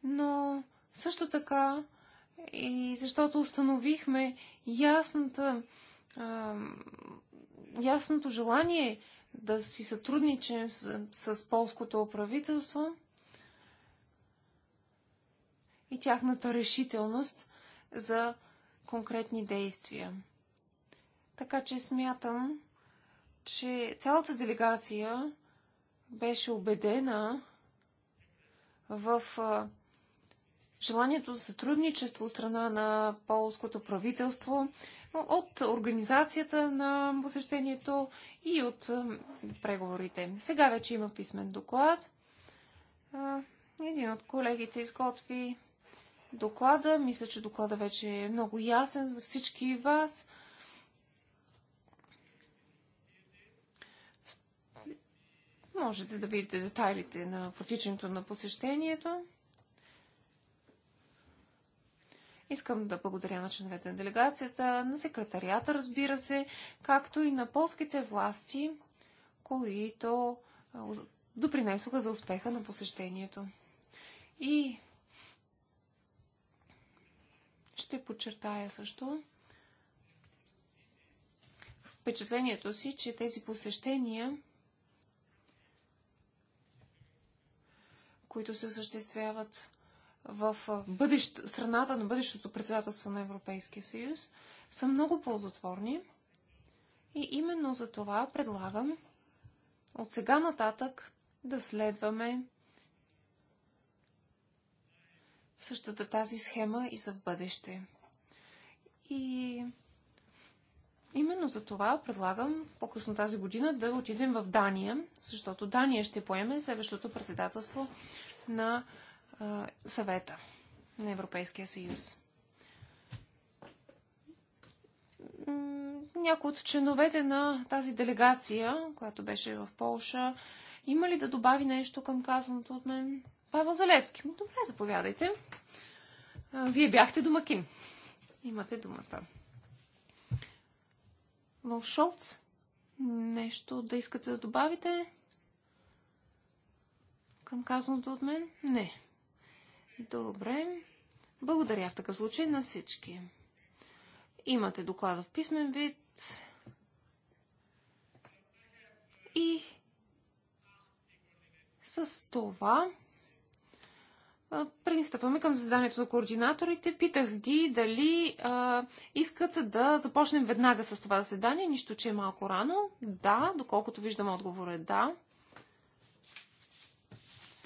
но също така и защото установихме ясната, а, ясното желание да си сътрудничим с, с полското правителство и тяхната решителност за конкретни действия. Така че смятам, че цялата делегация беше убедена в желанието за сътрудничество от страна на полското правителство, от организацията на посещението и от преговорите. Сега вече има писмен доклад. Един от колегите изготви доклада. Мисля, че доклада вече е много ясен за всички вас. Можете да видите детайлите на протичането на посещението. Искам да благодаря на членовете на делегацията, на секретарията, разбира се, както и на полските власти, които допринесоха за успеха на посещението. И ще подчертая също впечатлението си, че тези посещения, които се осъществяват в бъдещ, страната на бъдещото председателство на Европейския съюз, са много ползотворни. И именно за това предлагам от сега нататък да следваме същата тази схема и за в бъдеще. И именно за това предлагам по-късно тази година да отидем в Дания, защото Дания ще поеме следващото председателство на а, съвета на Европейския съюз. Някои от членовете на тази делегация, която беше в Полша, има ли да добави нещо към казаното от мен? Павел Залевски. Добре, заповядайте. Вие бяхте домакин. Имате думата. Волф Шолц, нещо да искате да добавите към казаното от мен? Не. Добре. Благодаря в такъв случай на всички. Имате доклада в писмен вид. И с това пристъпваме към заседанието на координаторите. Питах ги дали а, искат да започнем веднага с това заседание, нищо, че е малко рано. Да, доколкото виждам отговор е да.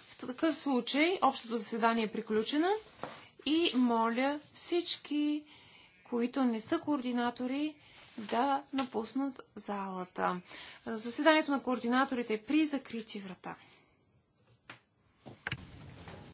В такъв случай общото заседание е приключено и моля всички, които не са координатори, да напуснат залата. Заседанието на координаторите е при закрити врата.